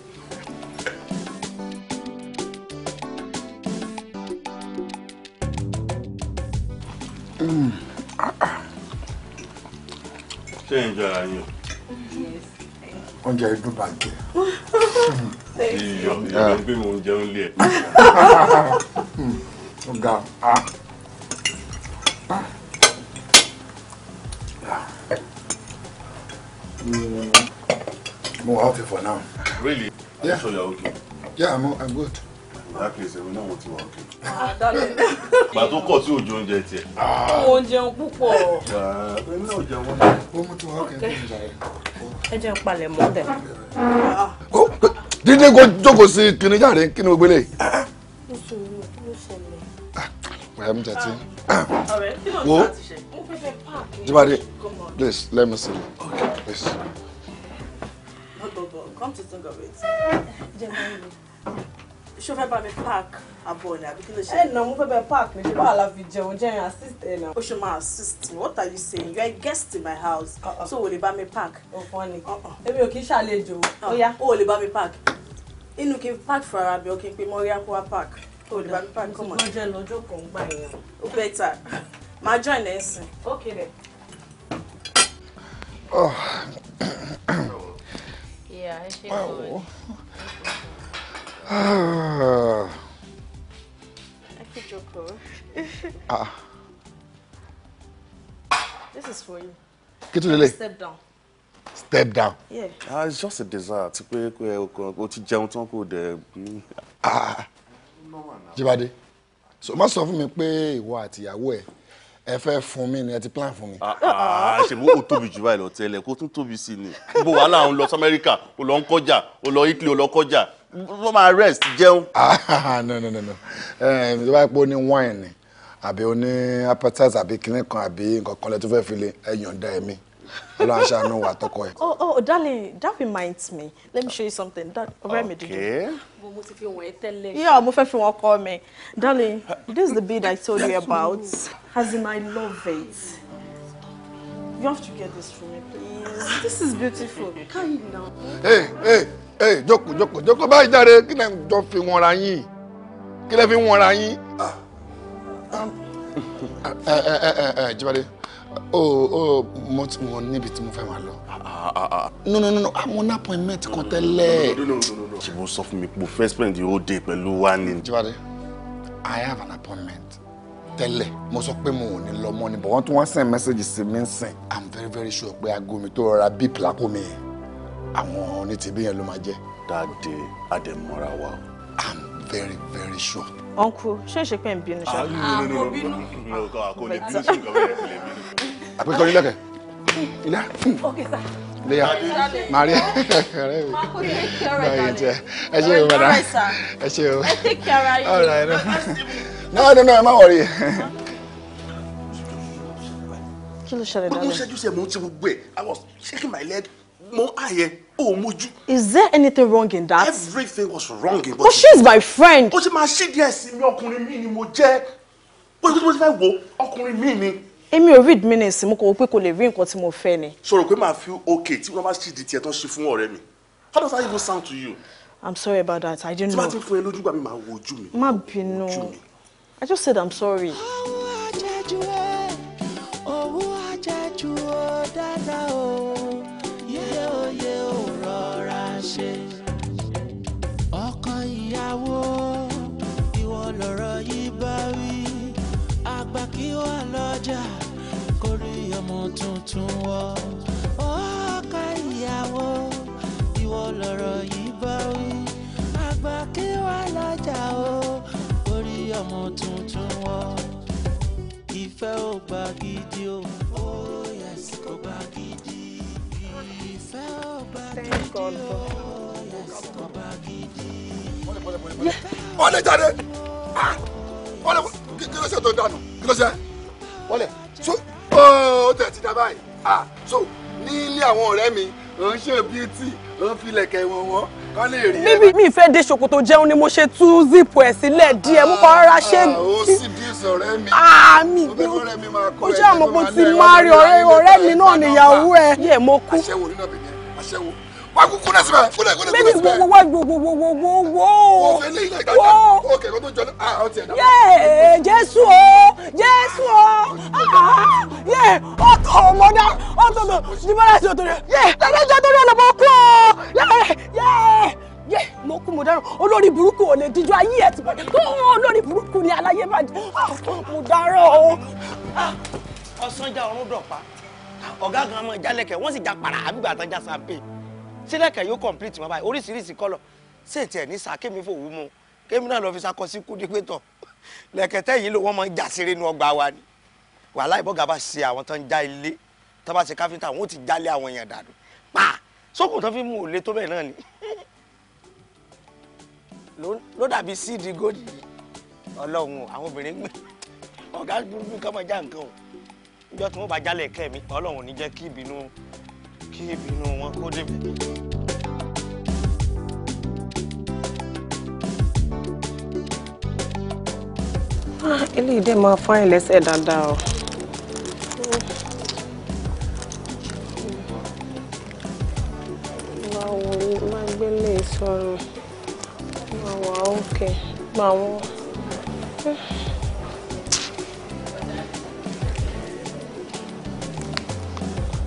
ṣé ń jẹ ara yín o. oúnjẹ ìdún bàǹkì. iyọ̀ iyọ̀ ń gbé mi oúnjẹ ń lé ẹ̀. ọ̀gá a. More healthy for now. Really? Yeah. I'm sure you're okay. Yeah, I'm, I'm good ìdákẹ́sẹ̀ ìwé náà wọ́n ti wà òkè. ìgbà tó kọ̀ tí òjò oúnjẹ tiẹ̀. mo jẹun púpọ̀. èmi náà jẹun wọn. ó mú tí wọn òkè ní ìjà yẹn. ẹ jẹun palẹ̀ mọ́ tẹ̀. dídí kò jókòó sí kinní jáde kí ni gbogbo eléyìí. mo sòrò mo ṣẹlẹ̀. wàá ah, mú jàtí. Ah. Ah. ọ̀rẹ́ kí ló ń bá ti ṣe. mo fẹ́ fẹ́ páàkì. jíbádé please let me see Okay. please. come to think of it. Jẹ́ ṣó fẹ́ bá mi park abọ́ ni àbí kí ló ṣe. ẹ nà mo fẹ́ bẹ park mi ṣe báwa fi jẹun jẹ́ yẹn assist ẹ nà. o ṣe máa assist me what are you saying you are a guest in my house uh -uh. so o lè bá mi park. ọ̀pọ̀ ni uh-uh. èmi ò kì ṣàlejò uh-uh. ó yá. o lè bá mi park inú kí n park fún ara mi ò kí n pe mọ́ríà kó wá park o lè bá mi park kọ́mọ̀. mo ti gbọ́jẹ́ lọ́jọ́ kan gbà yẹn. ó bẹ́tà máa join ẹ̀ sìn. ok then. Oh. yeah, I should wow. I could joke ah. This is for you. Get to the lake. Step down. Step down. Yeah. Ah, it's just a dessert. Ti pé kò ti jẹun tán kò dẹ̀. Hmm. Ah. Jíbádé. So má sọ fún mi pé ìwọ àti ìyàwó ẹ̀ ẹ fẹ́ fún mi ni ẹ ti plan fún mi. Ah, ah, ṣèbí ó tóbi jù báyìí lọ tẹ́lẹ̀ kó tún tóbi sí ni gbogbo wàhálà ń lọ sí Amẹ́ríkà ó lọ ń kọjá ó lọ Italy ó lọ wọ́n máa rest jẹun. Ah, no no no no tó bá pọ̀ ní wine ni àbí oní appetizer àbí kìnìún kan àbí nǹkan kan lẹ tó fẹ́ fi lè ẹ̀yàn dá ẹ̀mí ọlọ́run aṣáánú wà tọkọ ẹ̀. oh oh darling that reminds me let me show you something that ọ̀rẹ́ mi dídí. mo ti fi wọn ẹ tẹ́lẹ̀. yeah mo fẹ́ fi wọn kọ́ mi darling this is the bead i told you about as in i love it you have to get this for me please this is beautiful carry it now. Hey, hey ẹ jókòó jókòó jókòó báyìí jáde kí lẹ jọ fi wọn ra yín kí lẹ fi wọn ra yín. ẹ ẹ ẹ ẹ o o mo ti wọn níbi tí mo fẹ́ máa lọ. Ah, ah, ah, no no no no mo ní appointment kan tẹ́lẹ̀. jìbọn sọ fún mi pé first spend the whole pẹ̀lú wa ni. jíbádé i have an appointment tẹ́lẹ̀ mo sọ pé mo ò ní lọ mọ́ ni but wọ́n tún wá send message sí mi ń i'm very very sure pé aago mi tó rọra bíìpì lápò mi yẹn àwọn onítìbí yẹn ló máa jẹ́. dáadé àdèmọ́ra wa o. i'm very very sure. uncle ṣé ìṣe pé ń bínú ṣá. àmọ́ bínú kò lè bínú sí nǹkan bẹ́ẹ̀ lè bínú. àpéjọ ilé kẹ ilé. ok sir. Maria, ọ̀rẹ́ mi, báyìí ẹ ṣe o madam, ẹ ṣe o, all right, no no no ẹ má wọrí. kí ló ṣẹlẹ̀ dáadáa? bó ló ṣẹ́jú sí ẹ̀ mò ti gbogbo ẹ̀ I was shaking my leg mo àyẹ o mojú. is there anything wrong in that. everything was wrong in what. but she is my friend. ó ṣe máa ṣí díẹ̀ sí mi ọkùnrin mi ni mo jẹ́ ó ṣe tó ti fẹ́ wo ọkùnrin mi ni. èmi ò read minutes mo kò wò pé kò lè rí nǹkan tí mo fẹ́ ni. sọ̀rọ̀ pé màá fi okay tí wọ́n bá ṣì di tiẹ̀ tán ṣe fún ọ̀rẹ́ mi how does that even sound to you. i'm sorry about that i didn't know. tí bá ti fún ẹ lójú gbà mí màá wo ojú mi. má bínú i just said i'm sorry. owó àjẹjù ẹ owó àjẹjù ó dáadáa o. lọ́jà kórè ọmọ tuntun wọ. ọkọ ìyàwó ìwọ lọ̀rọ̀ yìí bá wí. àgbà kí wá lọ́jà o kórè ọmọ tuntun wọ. ìfẹ́ ò gbà gidi o. ó yẹ sí kò gbà gidi. ìfẹ́ ò gbà gidi o. ó yẹ sí kò gbà gidi. ọ̀lẹ́jáde ah! ọ̀lẹ́ kí ló ṣe tó dànù kí ló ṣe bọ́lẹ̀ so ó tẹ̀ ti dá báyìí ah so ní ilé àwọn ọ̀rẹ́ mi òun ṣe bíútì òun filẹ̀kẹ̀ wọn wọn kọ́ lè rí ẹ. mi mi fẹ́ dé ṣòkòtò jẹun ni mo ṣe tú zipu ẹ̀ sílẹ̀ díẹ̀ mo kàn rárá ṣe. ó sì di sọ̀rẹ́ mi. àmì bí o jẹ́ àmọ́ mo ti máa rí ọ̀rẹ́ mi ah, náà níyàwó ẹ̀. yẹ mo kú. àṣẹwò nínú ọ̀bẹ̀ yẹn àṣẹwò wà á kú kúnlẹ̀ síbẹ̀ kúnlẹ̀ kúnlẹ̀ kúnlẹ̀ síbẹ̀. wo wo wo wo wo wo wo. wo fẹ́ lé ilé ìdájọ́ wo kẹ̀kọ́ tó jọ ah ọtí ẹ̀dá. yé jésù o jésù o ah, yé ọtọ ọmọdé ọtọ tó jimọ́lá ẹ̀sìn ọ̀tọ̀ rẹ̀ yé ẹ̀rẹ́jọ́ tó rẹ̀ lọ́mọ kú o yé yé mo kú mo dáràn olórí burúkú ò lè díjú ayé ẹ̀ ti bọ̀dẹ̀ olórí burúkú ni aláyé máa ah, di mo dáràn o. Ah. ọ̀sán ja ọ̀run dọ̀pá ọ̀gá gan-an máa jálẹ̀kẹ̀ wọ́n sì já para àbígbà àtàjà sáà bẹ́ẹ̀ sílẹ̀kẹ̀ yóò complete mọ́ báyìí oríṣiríṣi kọ́lọ̀ ṣé tiẹ̀ ní sa kémi fòwú mu kémi náà lọ fi sakọ sí kúdí pé tọ̀ yìí ló wọ́n máa ń sí inú ọgbà wa ni wàhálà ìbọ̀gà bá ṣe àwọn tó ń já ilé tó bá ṣe káfíńtà wọn ò ti jálé àwọn èèyàn dànù pa sókùn tó fi mú òlé tó bẹ̀ náà ni ló dàbí síìdì góòdì yìí ọlọ́run àwọn obìnrin gbé ọ̀gá burúkú kọ́ máa já nǹkan o ìjọ tí wọ́n bá jálẹ̀ kẹ́ mi ọlọ́run ò ní jẹ́ kí ìbínú wọn kó débẹ̀. Ah, eléyìí dẹ̀ máa fáyín lẹ́sẹ̀ dáadáa o. máa wọ máa gbélé e sọ̀rọ̀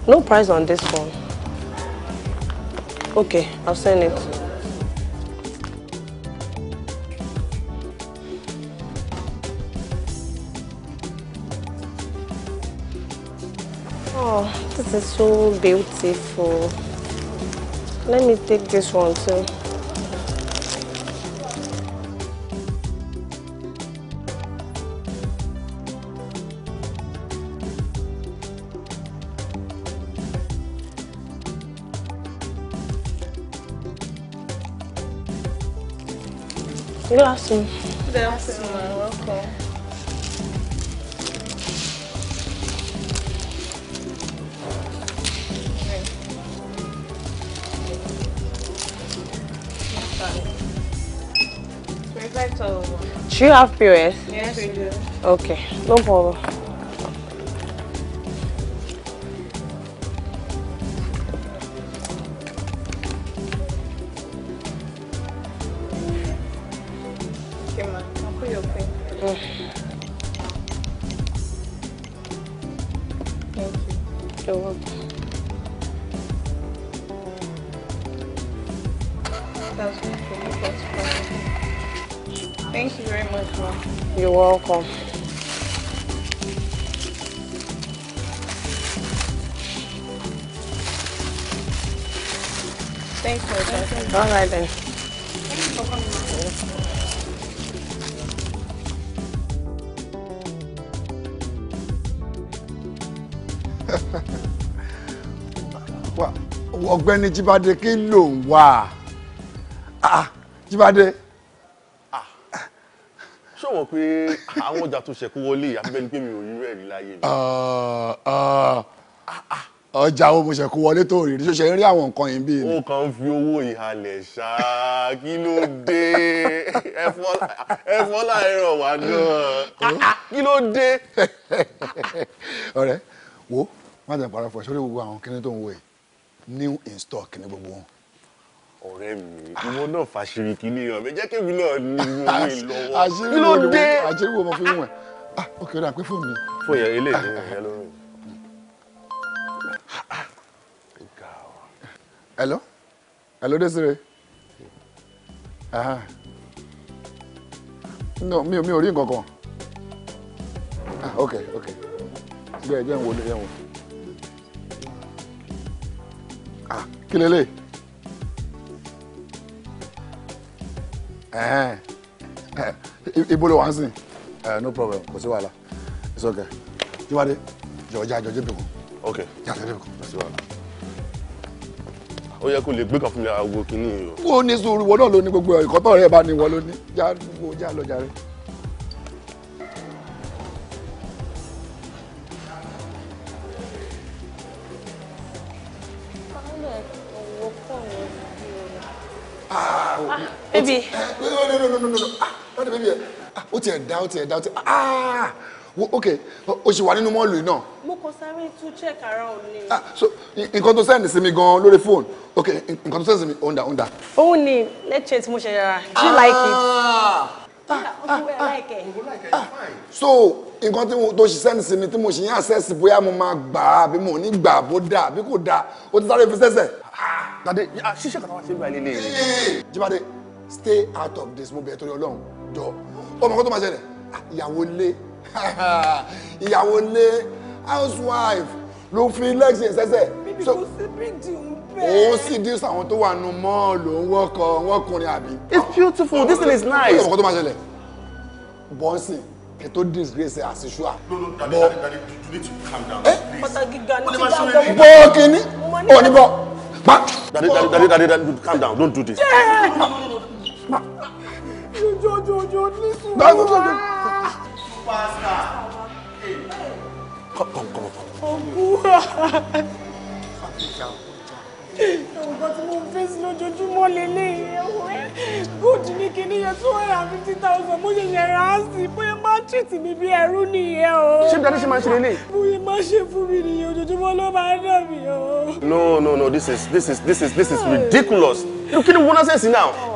No price on this one. Okay, I'll send it. Oh, this is so beautiful. Let me take this one too. afternoon. Good afternoon. Welcome. Do you have POS? Yes, we do. Okay, no problem. ọ̀gbẹ́ni jíbádé kí ló ń wá ah, ah, jíbádé. Ah. ṣé o mọ̀ àwọn ọjà tó ṣẹ̀kú wọlé abẹ́ni pé mi ò rí rẹ̀ rí láyé mi. ọjà owó mo ṣẹ̀kú wọlé tó rí rí ṣe rí àwọn nǹkan yìí bíi. ó kàn ń fi owó ìhalẹ̀ ṣá kí ló dé ẹ̀fọ́ láìrọ̀ wá náà kí ló dé. ọ̀rẹ́ wo má jẹ́ pàrọ̀ sórí gbogbo àwọn kíní tó ń wo yìí new in stock ní gbogbo wọn. ọ̀rẹ́ mi ah. ìwọ náà fàṣírí kìíní hàn mi jẹ́ kémi náà ní ah, ìwé lọ́wọ́ kí ló dé. àṣírí wo mo fi ń wẹ̀ ah ok ó dà pé fóònù mi. fóònù yẹn ah, eléyìí ni ẹ lórí. hello hello Desire no mi ò mi ò rí nǹkan kan ah ok ok jẹ́ jẹ́ ń wọlé jẹ́ ń wọlé. kí lélẹ̀ ibo no problem kò sí wàhálà it's okay jíwádé jọjá jọjá bìkún. ok jàdé bìkún. kò sí wàhálà ó yẹ kó lè gbé kan fún mi àgbo kìíní yìí ní sùúrù wọn náà ló ní gbogbo ẹ̀kọ́ tọ̀rẹ́ ẹ̀ bá ní wọn ló ní já lọ jàre. baby. no no no no no no ah not the baby ah what's your doubt? What's o ti ah Okay. Oh she wà nínú mọ́ọ̀lù yìí náà. mo kàn sáré tún check around ah so nǹkan tó sẹ́ndì sí mi gan-an lórí fóònù ok nǹkan tó sẹ́ndì sí mi òun dà òun dà. òun ni lecture tí mo ṣe yàrá do you like it. Ah, ah, ah, so nǹkan tí mo tó ṣe sẹ́ndì sí mi tí mo ṣe yín access bóyá mo máa gbà á àbí mo ní gbà á bó dáa àbí kò dáa o Ah, sáré fi sẹ́sẹ̀. tàdé ah, ah, ṣíṣe kan wá sí ibà líle. jíbádé stay out of this mo bẹ̀ torí ọlọ́run jọ ọmọ kan tó máa ṣẹlẹ̀ ah, ìyàwó lé ìyàwó lé housewife ló fi lẹ́sìn sẹ́sẹ̀. bíbí kò sí big deal òun sì dín sàwọn tó wà nù mọ́ọ̀lù wọ́kọ̀ wọ́kùnrin àbí. it's beautiful this thing is nice. ọkọ tó máa ṣẹlẹ̀ bọ́ǹsì kẹ tó disgrace as usual. bọ́ pàtàkì gani ti dá ọkọ. bọ́ kínní òní bọ́. dadi dadi dadi calm down don't do this. Yeah jòjòjò ní sùúrù wá. pásítà òkú nǹkan tí mo fẹ́ sí lójoojúmọ́ lélẹ́yìn ẹ̀wẹ́ gold ní kinní yẹn two hundred and fifty thousand mo ṣe yẹn rà á sí bóyá má tìtì mi bí ẹrú o. ṣé bí adé ṣe máa ń ṣe lélẹ̀. bóyá má ṣe fún mi nìyẹn ojoojúmọ́ ló máa ń dà o. no no no this is this is this is this is ridiculous You ni wọ́n náà now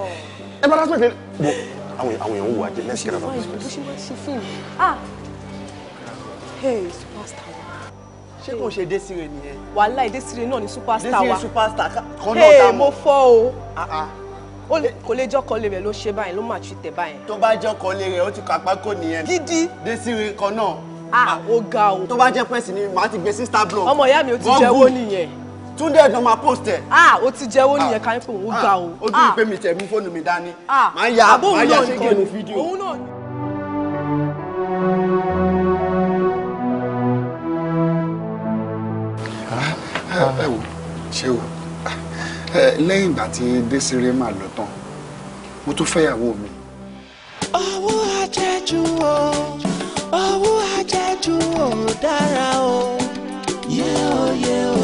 embarrassment ni bo àwọn àwọn èèyàn wò wá jẹ let's get out of this place. ṣé wọ́n ṣe fíìmù ah hey superstar ṣé kò ṣe Desire nìyẹn. wàhálà Desire superstar wa superstar kan náà dá mọ́. mo fọ́ o ah, ah. kò lè jọ́kọ́ lè rẹ̀ ló ṣe báyìí ló máa ti tẹ̀ báyìí. tó bá jọ́kọ́ lè rẹ̀ ó ti kàpá kò nìyẹn. gidi Desire kan náà. ah ó ga o. tó bá jẹ́ pẹ́sì ni màá ti gbé sister block. ọmọ ìyá mi ò ti jẹ́wọ́ nìyẹn túndé ẹ̀dùn máa post ẹ̀. a o ti jẹ́wọ́ nìyẹn ká ní pé òun ga o. ojú ìpè mi tẹ̀ mú fóònù mi dání. máa ya máa ya ṣe gẹ̀ẹ́nù fídíò. òun náà ni. Ah, ah, ẹ wò ṣe o ah, lẹ́yìn ìgbà tí désiré máa lọ tán mo tún fẹ́yàwó mi. owó àjẹjù o owó àjẹjù o dára o yẹ o yẹ o.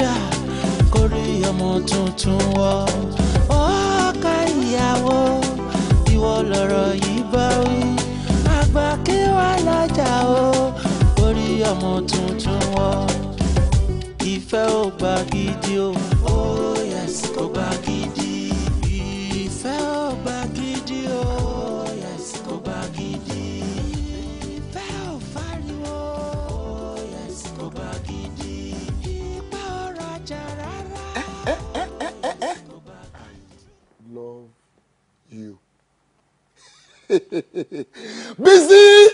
ajá kórè ọmọ tuntun wọ ọkà ìyàwó ìwọ lọ̀rọ̀ yìí bá wí àgbà kí wà lájà o kórè ọmọ tuntun wọ ìfẹ́ ò gbà gidi o. Busy,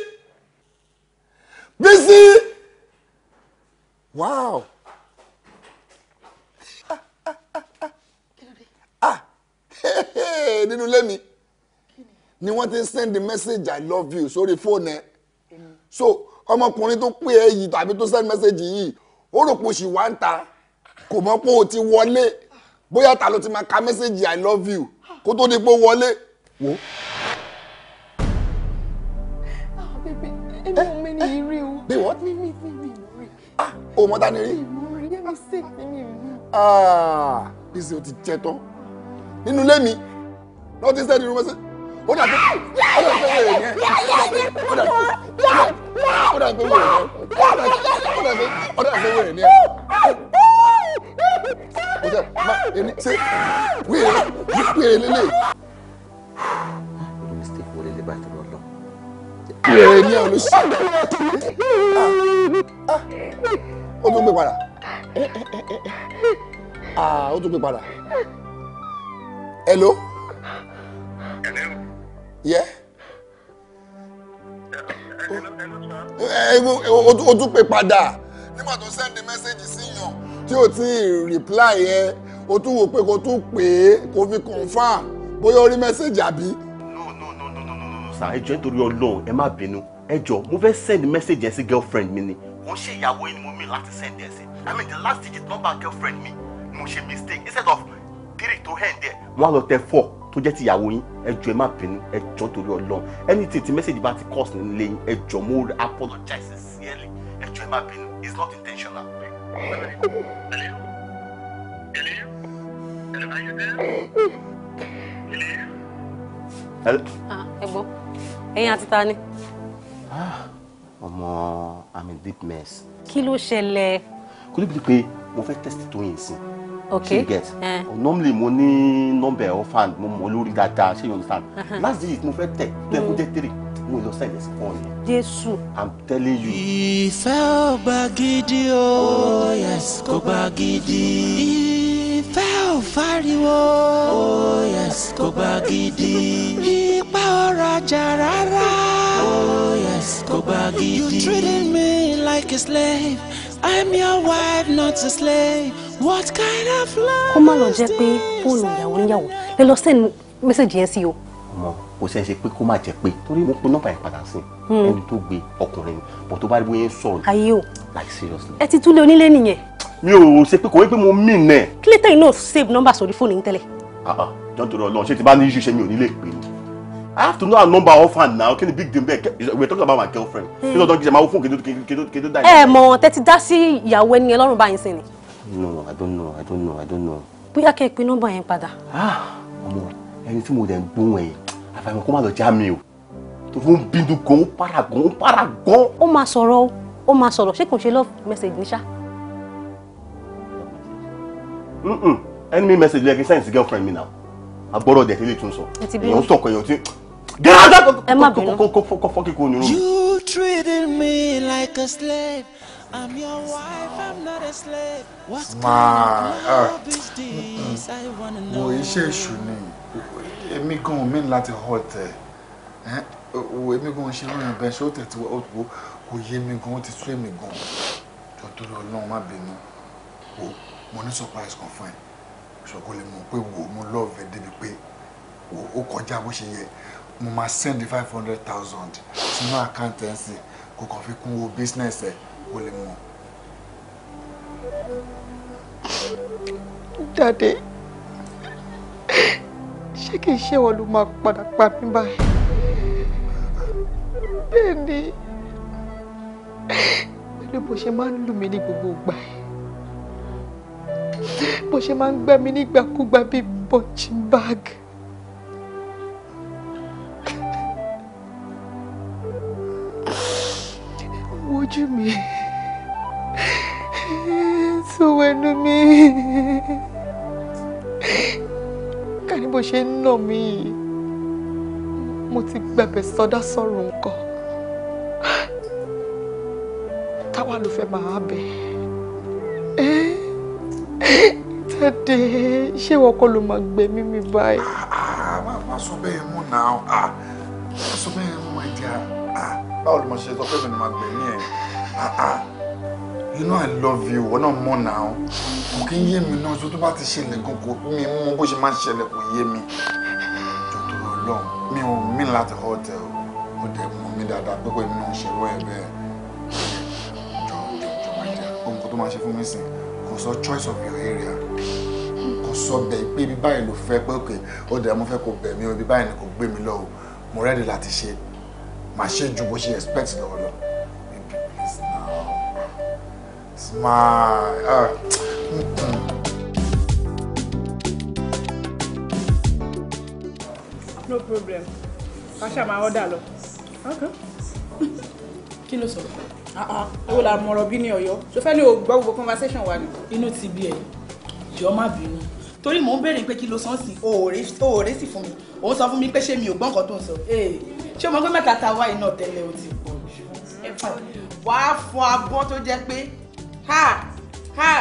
busy. Wow! Ah! nínú ilé mi ni wọ́n ti ń send the message I love you sórí fóònù ẹ̀ so ọmọkùnrin tó pè é yìí tàbí tó send message yìí ó rò pé o sì wá ń ta kò mọ̀ pé o ti wọlé bóyá ta ló ti máa ka message I love you kó tó di pé o wọlé wò ó. èmi ò mẹ́ni yìí rí o. bí wọ́n. mi mi mi mi rí. ah o mọ dání rí. mo rí ẹni sí èmi ò rí. ah bí sè o ti jẹ tán nínú ilé mi lọ́ọ́ ti sẹ́ni rúmọ́sí ó dàbí ó dàbí pé wèrè yẹn ó dàbí ó dàbí pé wèrè yẹn ó dàbí ó dàbí ó dàbí pé wèrè yẹn ó jẹ ma ẹni ṣe wèrè wèrè lélẹ̀. mistake wo lè lè bá tó lọ ìrẹ̀rẹ̀ ní sí. Ah, ah. ó tún gbé padà eh, eh, eh, ah, ó tún gbé padà hello. yẹ. ó tún pè padà nígbà tó sẹ́ndì mẹ́sẹ́jì sí yàn tí o ti reply yẹn o tún wò pé kó tún pè é kó fi confam bóyá o rí mẹ́sẹ́jì àbí sá ẹ jọ̀ọ́ nítorí Ọlọ́run ẹ má bínú ẹ jọ̀ọ́ mo fẹ́ send message ẹ sí girlfriend mi ni kò ṣe ìyàwó yìí ni mo mi láti send ẹ sí i mean the last digit number girlfriend mi ni mo ṣe mistake instead of three to end there wọ́n á lọ tẹ four tó jẹ́ ti ìyàwó yín ẹ jọ̀ọ́ ẹ má bínú ẹ jọ̀ọ́ nítorí Ọlọ́run anything ti message bá ti cost nínú ilé yín ẹ jọ̀ọ́ mo apologize sincerely ẹ jọ̀ọ́ ẹ má bínú it's not intentional. Hello? Hello? Hello, are Hello? ẹ̀yin àti ta ni. Ah, ọmọ i'm in deep mess. kí ló ṣẹlẹ̀. kò ní bí pé mo fẹ́ test tó yìn sí. ok ṣe get eh. oh, normally mo ní of offhand mo mọ lórí dáadáa ṣé you understand last digit mo fẹ́ tẹ̀ tó ẹ kó jẹ́ mm. three mo lọ sẹ́yìn sí fún ọ Jésù. i'm telling you. ìfẹ́ ò gbà gidi o yes kò gbà gidi ìfẹ́ ò fáriwo. ó oh, yẹ kó gba gidi. ipa ọ̀rọ̀ àjà rárá. ó yẹ kó gba gidi. you treating me like a slave. I'm your wife not a slave. What kind of love. kó má lọ jẹ́ pé fóònù ìyàwó níyàwó lè lọ send message yẹn sí o mọ kò sẹ́ni ṣe pé kó má jẹ́ pé torí mo pe nọ́mbà yẹn padà sí hmm. ẹni tó gbé ọkùnrin ni bọ̀ tó bá rí bóyá ń sọ̀rọ̀. ayé o like seriously. ẹ ti túlé onílé nìyẹn. mi ò ṣe pé kò wí mo mì nẹ. clayton náà save nọ́mbà sórí fóònù yín tẹ́lẹ̀. jọ́n torí ọlọ́run ṣé ti bá ní iṣu mi ò ní lè pè I have to know her number of her now kí ni big deal bẹ́ẹ̀ we are talking about my girlfriend. Hmm. kí ló dán jíjẹ máa wọ fún kí ló ẹ mọ no I don't know I don't know I don't know ẹni tí mo dẹ̀ ń gbóhùn ẹ̀ àfàìmọ̀ kó má lọ já mi o tó fún bínú gan ó para gan ó para gan. ó máa sọ̀rọ̀ ó máa sọ̀rọ̀ ṣé kò ṣe love message ní ṣá. enemy message lẹ́yìn sẹ́yìn sí girlfriend mi náà agbọ́dọ̀ dẹ̀ tẹ́lẹ̀ tún sọ èèyàn sọ̀kọ̀ èèyàn tí gẹ́gẹ́ kó fọ́kì kó nínú. you treated me like a slave. I'm your wife, I'm not a slave. What kind of love is this? I wanna know. Mo iṣẹ́ èṣù ni èmi gan mi láti hot ẹ èmi gan ṣe lóyún bẹ́ẹ̀ ṣé ó tẹ̀ tí ó wo kò yé mi gan ó ti sú èmi gan jọ̀dọ̀rọ̀ ọlọ́run má bínú wo mo ní surprise kan fún ẹ ṣògo lè mọ̀ pé wo mo love débi pé ó kọjá bó ṣe yẹ mo máa send five hundred thousand sínú àkáǹtì kò kàn fi kún owó business ẹ̀ kò lè mọ̀. Daddy ṣé kìí ṣe wọn ló máa padà pa mí báyìí bẹ́ẹ̀ ni pẹ̀lú bó ṣe máa ń lù mí ní gbogbo ìgbà bó ṣe máa ń gbá mi nígbàkúgbà bíi punching bag. wojú mi sọ ẹnu mi kàní bó ṣe ń nà mí yìí mo ti gbẹ̀bẹ̀ sọdá sọ̀rùn nǹkan táwa ló fẹ́ máa bẹ̀ tẹ́tẹ́ ṣé wọn kọ́ ló máa gbẹ̀mí mi báyìí. Ah, ah, má sọ bẹ́ẹ̀ mú náà ah, má sọ bẹ́ẹ̀ mú ẹ̀jẹ̀ báwo ló máa ṣe sọ pé mi ni máa gbẹ̀mí ẹ̀ you know i love you wọn náà mọ̀ náà kò kí ń yé mi náà tó tó bá ti ṣẹlẹ̀ gan kò mi mú bó ṣe máa ń ṣẹlẹ̀ kò yé mi jọ̀tọ̀ ọlọ́run mi ò mí láti họ́tẹ̀ o ó dẹ̀ mú mi dáadáa pé pé mi náà ṣe wọ́ ẹ bẹ́ẹ̀ jọ jọ jọ máa jẹ ohun kan tó máa ṣe fún mi sìn kò sọ choice of your area kò sọ bẹ́ẹ̀ pé ibi báyìí ló fẹ́ pé òkè ó dẹ̀ mo fẹ́ kó bẹ̀ mí ibi báyìí ni kò gbé mi lọ o mo rẹ́ẹ̀dì láti ṣe màá ṣe ju bó ṣe expect lọ́wọ́ lọ my. Uh, mm -mm. no problem. Asha máa order lọ. Okay. Kí ló sọ? Ah, ah. Owó la mọ̀rọ̀ bí ní Ọ̀yọ́. Ṣo fẹ́ lè o gbọ́ gbogbo conversation wa ni? Inú ti bí ẹ̀, jọ má bínú. Torí mò ń bèèrè pé kí ló sọ sí òòrè sì fún mi. Òun sọ fún mi pé ṣé mi ò gbọ́ nǹkan tó ń sọ. Ṣé o mọ̀ pé mẹ́ta ta wá iná tẹ́lẹ̀ o ti pọ̀ jù? Wàá fọ abọ́ tó jẹ́ pé ค่ะค่ะ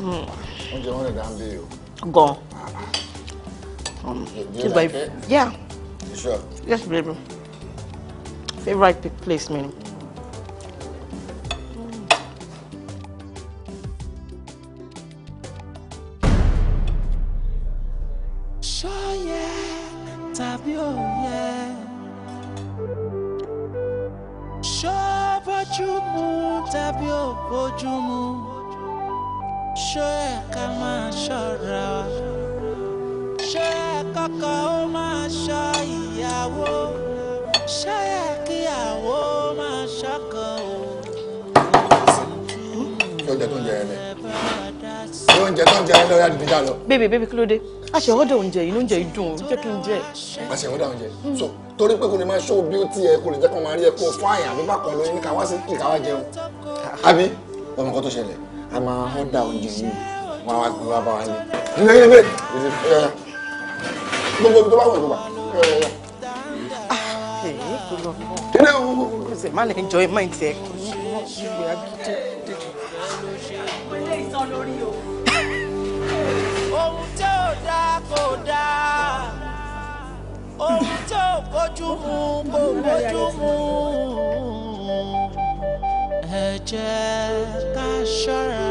oúnjẹ wọn lè dá ń bí Um, do you like it? Yeah. You sure? Yes, baby. Favorite place, man. Mm. bójúmu ṣó ẹ̀ ká máa ṣọ́ra ṣó ẹ̀ kọ́kọ́ ó máa ṣọ́ ìyàwó ṣó ẹ̀ kíyàwó máa ṣọ́kọ o. kí ọjà tó ń jẹ ẹ lẹ jẹ tó ń jẹ lọ́yà dìde já lọ. bébè bébè kí ló dé aṣèwọ́dà oúnjẹ yìí oúnjẹ yìí dùn ó jẹ́ kí n jẹ. aṣèwọ́dà oúnjẹ so torí pé kò ní máa ṣó bíútì ẹ kò lè jẹ́ kó máa rí ẹ kó fáyìn àbí bákan lóyún ní káwá sí kí káwá jẹun. àbí ọmọ kan tó ṣẹlẹ̀ a máa ọ́dà oúnjẹ yìí wọn wá gbé wá bá wa ní. gbogbo ibi tó bá wọ̀ ìgbà. ilé ìwọ. kò sì má lè enjoy mind kò ní dáa kò dáa ohun tí ò bójú mu kò bójú mu ẹ jẹ́ ká ṣọ́ra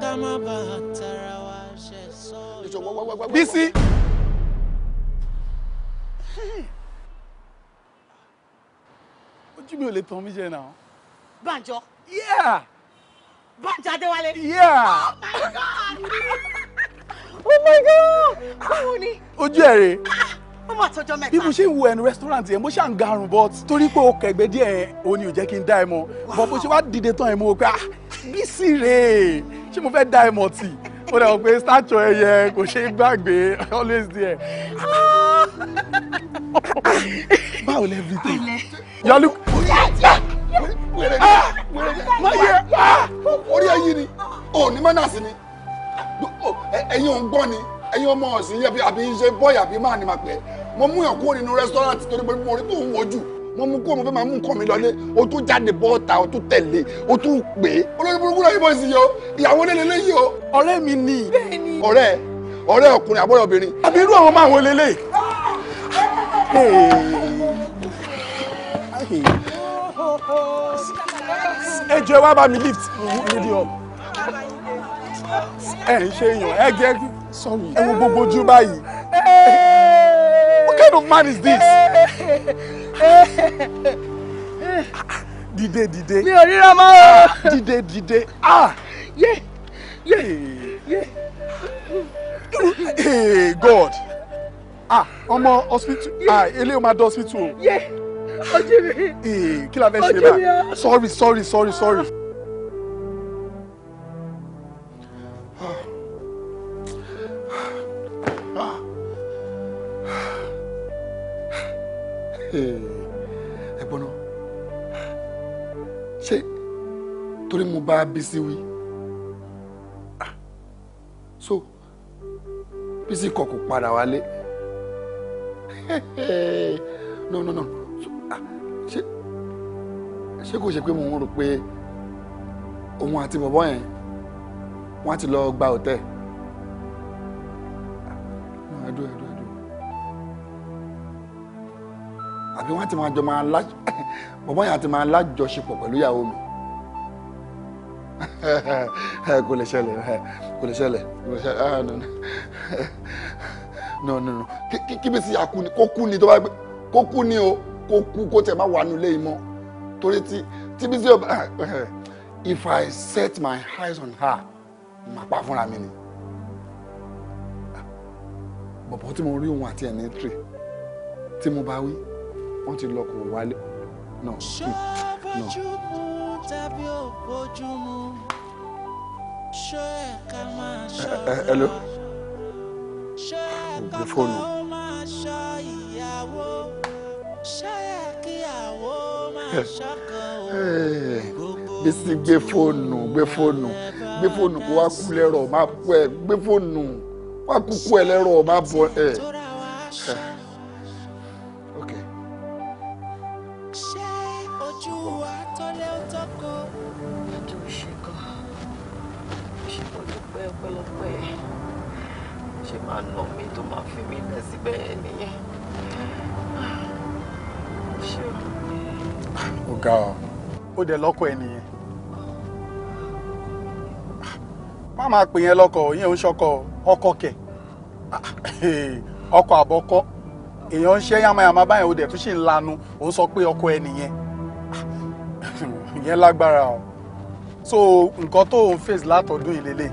ká má bàa tara wa ṣe sọ. Bísí. ojú mi ò lè tàn mí jẹ náà. Banjo. yeah. Banjo Adéwálé. yeah. oh my god. my god báwo ni. ojú ẹ̀ rè. ó mà tọjọ́ mẹ́ta. bí mo ṣe ń wo ẹnu rẹ́sítọ́rántì yẹn mo ṣáà garun but torí pé o kẹ̀gbẹ́ díẹ̀ yẹn òun ni jẹ́ kí n dá ẹ mọ̀ but bó ṣe wá dìde tán ẹ̀ mo pé ah bí sì rèé ṣé mo fẹ́ dá ẹ mọ̀ tì ó dàgbọ́ pé statue ẹyẹ kò ṣe é gbàgbé always there. báwo lẹ fi tè yọlú. wẹ́rẹ́ ni wẹ́rẹ́ ni máa yẹ orí ẹ̀yìn ni òní mọ́nà sí ni ẹ̀yin ò ń gbọ́ ni ẹ̀yin ọmọ ọ̀sìn yẹ àbí ń ṣe bọ́ọ̀yì àbí máa ní màpẹ́ mo mú yàn kúrò nínú rẹ́sítọ́rántì torí pé mo rí tó ń wojú mo mú kúrò mo fẹ́ máa mú nǹkan mi lọlé o tún jáde bọ́ọ̀ta o tún tẹ̀lé o tún pè é olórí burúkú náà yíbo sí yìí o ìyàwó lélẹ́lẹ́ yìí o. ọ̀rẹ́ mi ni ọ̀rẹ́ ọ̀rẹ́ ọkùnrin àbọ̀rẹ́ obìnrin àbí irú àwọn máa wọ lélẹ̀. ẹ jẹ́ wá bá mi lift mi di ọ ẹ ń ṣe èèyàn ẹ gẹ sorry ẹ wo gbogbo ojú báyìí what kind of man is this. dìde dìde. mi ò ríra mọ́ o. dìde dìde ah. yé yé yé. Hey God ah ọmọ hospital ah eléyìí máa dọ hospital o. yé ojú mi. kí la fẹ́ ṣe bá sorry sorry sorry sorry. ẹ̀gbọ́n eh, eh, náà ṣé torí mo bá Bísí wí ah. so Bísí kọ̀ kò padà wálé no no no ah, ṣé ṣé kò ṣe pé mo ń rò pé òun àti bọ̀bọ́ yẹn wọ́n á ti lọ gba òtẹ́ẹ̀. Ah, no, I do, I do. àbí wọ́n ti máa jọ máa lá bọ̀bọ́ yẹn àti máa lájọṣepọ̀ pẹ̀lú ìyàwó mi kò lè ṣẹlẹ̀ kò lè ṣẹlẹ̀ kò lè ṣẹlẹ̀ no no no kíbi sí àkú ni kó kú ni tó bá gbé kó kú ni o kó kú kó tẹ̀ má wà nù lé ìmọ̀ torí tí tí bí sí o if I set my eyes on her màá pa fúnra mi ni bọ̀bọ̀ tí mo rí òun àti ẹ̀ ní tírì tí mo bá wí wọ́n ti lọ wálé náà náà. Eh, eh, hello ògbé fóònù. Eh, bísí gbé fóònù gbé fóònù gbé fóònù kó wá kú lẹ́rọ̀ máa pẹ́ gbé fóònù wá kúkú ẹ lẹ́rọ̀ máa bọ̀ ẹ̀. máa nà mí tó máa fi mí lẹ̀ síbẹ̀ yẹn nìyẹn. ó ga ọ ó dẹ̀ lọ́kọ ma nìyẹn má máa pè ọkọ kẹ ọkọ àbọkọ èèyàn ma ṣe yàmàyàmà báyìí ó dẹ̀ o ṣì ń lanu ọkọ ẹ o so face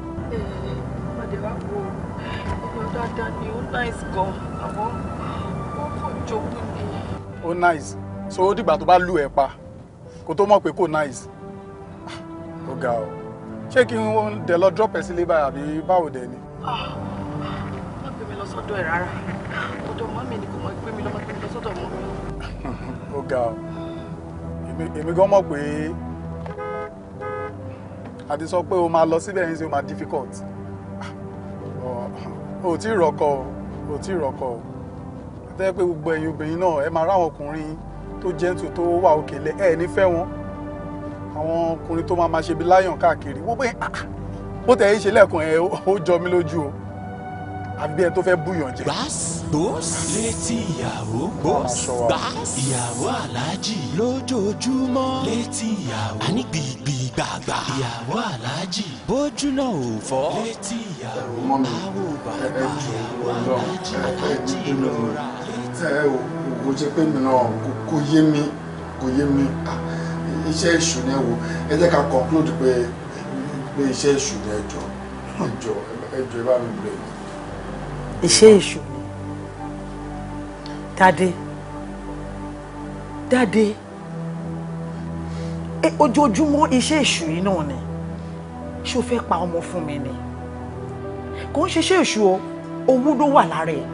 dáadáa ni ó nice gan àmọ́ ó kàn jogún ni. ó nice so ó dìgbà tó bá lù ẹ pa kó tó mọ̀ pé kò nice ah, ó ga ọ ṣé kí n dẹ̀ lọ drop ẹ sílé báyìí àbí báwo dẹ̀ ni. Ah, má gbé mi lọ sọ́dọ̀ ẹ̀ rárá ọ̀dọ̀ mọ́mì ni kò máa gbé mi lọ máa gbé mi lọ sọ́dọ̀ mọ́mì. ó ga ọ èmi gan mọ̀ pé àti sọ pé o máa lọ síbẹ̀ yín sí o máa difficult. Ah, o ò tí ì rọkọ o ò tí rọkọ o àtẹ́wọ́ pé gbogbo ẹ̀yin obìnrin náà ẹ máa ráwọn ọkùnrin tó jẹ́ǹtù tó wà òkè lẹ ẹ nífẹ̀ẹ́ wọn àwọn ọkùnrin tó máa máa ṣe bí láyọ̀n káàkiri wọ́n pé ah, ah, bó tẹ̀ ẹ́ ṣe lẹ́ẹ̀kan ẹ ó jọ mí lójú o àbí ẹ tó fẹ́ búyàn jẹ. gbàs gbòs létí ìyàwó gbòs gbàs ìyàwó aláàjì lójoojúmọ́ létí ìyàwó àní gbìgbì gbàgbà ìyàwó aláàjì bójú náà ò fọ́ létí ìyàwó àwọ̀ bàbá ìyàwó aláàjì aláàjì lóra. ẹ ò kò ṣe pé mi náà kò yé mi kò yé mi iṣẹ́ èṣù ni ẹ wo ẹ jẹ́ ká conclude pé pé iṣẹ́ èṣù ni ẹ jọ ẹ jọ ẹ bá mi bẹ̀rẹ̀ iṣẹ́ èṣù ni Tádé Tádé ẹ ojoojúmọ́ iṣẹ́ èṣù yìí náà ni ṣé o fẹ́ pa ọmọ fún mi ni kò ń ṣiṣẹ́ èṣù o owó ló wà lára ẹ̀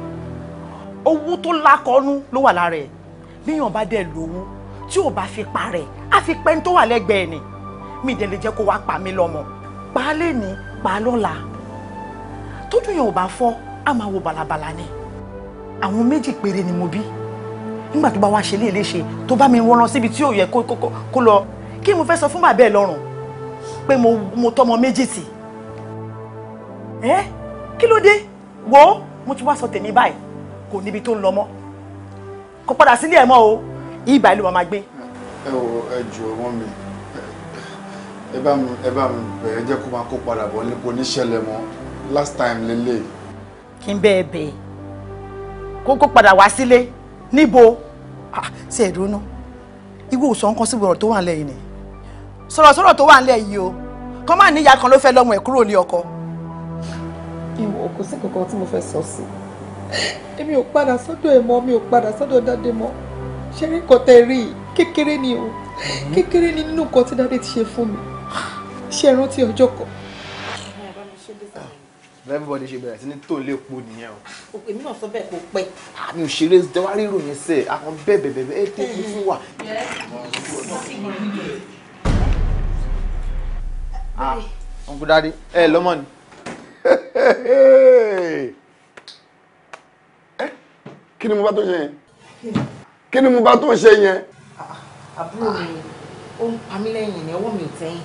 owó tó lákọ́nú ló wà lára ẹ̀ bíyàn bá dẹ̀ lówó tí ò bá fi parẹ́ á fi pẹ́ni tó wà lẹ́gbẹ̀ẹ́ ni mi dẹ̀ lè jẹ́ kó wá pa mí lọ́mọ pa á lè ní pa á lọ́la tójú yẹn ò bá fọ́ a máa wo balabala ni àwọn méjì péré ni mo bí nígbà tó bá wá ṣe lé léṣe tó bá mi wọ́n lọ síbi tí ò yẹ kó lọ kí mo fẹ́ sọ fún bàbá ẹ̀ lọ́rùn pé mo tọ́mọ méjì tì ẹ́ kí ló dé wo mo ti wá sọ tèmi báyìí kò níbi tó ń lọ mọ́ kò padà sílé ẹ̀ mọ́ o ibà ìlú màmá gbé. ẹ wo ẹ jù ọmọ mi ẹ bá mi ẹ jẹ́ kó máa kó padà bọ̀ nípo níṣẹ̀lẹ̀ mọ́ last time lélẹ́yìí kí n bẹ́ẹ̀ bẹ́ẹ̀ kó kó padà wá sílé níbo ṣe ìdùnnú ìwé òsàn kan síbi ọ̀rọ̀ tó wà lẹ́yìn ni sọ̀rọ̀ sọ̀rọ̀ tó wà nílẹ̀ yìí o kọ́ máa níyà kan ló fẹ́ lọ́mọ ẹ̀ kúrò ní ọkọ. ìwọ kò sí kankan tí mo fẹ́ sọ sí èmi ò padà sọ́dọ̀ ẹ̀ mọ́ mi ò padà sọ́dọ̀ dáadé mọ́ ṣe rí nǹkan tẹ́ rí kékeré ni o mm-hmm. kékeré ni nínú nǹkan tí dáadé ti ṣe fún mi ṣe rántí ọjọ́ kan everybody ṣe bẹ̀rẹ̀ sí ní tó lè po nìyẹn o. èmi náà sọ bẹ́ẹ̀ kó pẹ́. àmì òṣèré dẹwà rírò yẹn sẹ àwọn bẹ́ẹ̀ bẹ́ẹ̀ bẹ́ẹ̀ ah, ẹ tẹkun fún wa. ọ̀nkú dáadé ẹ lọ́mọ ni. kí ni mo bá tó ṣe yẹn kí ni mo bá tó ṣe yẹn. àbúrò mi ó ń pa mí lẹ́yìn ní ọwọ́ mi ò tẹ́yìn.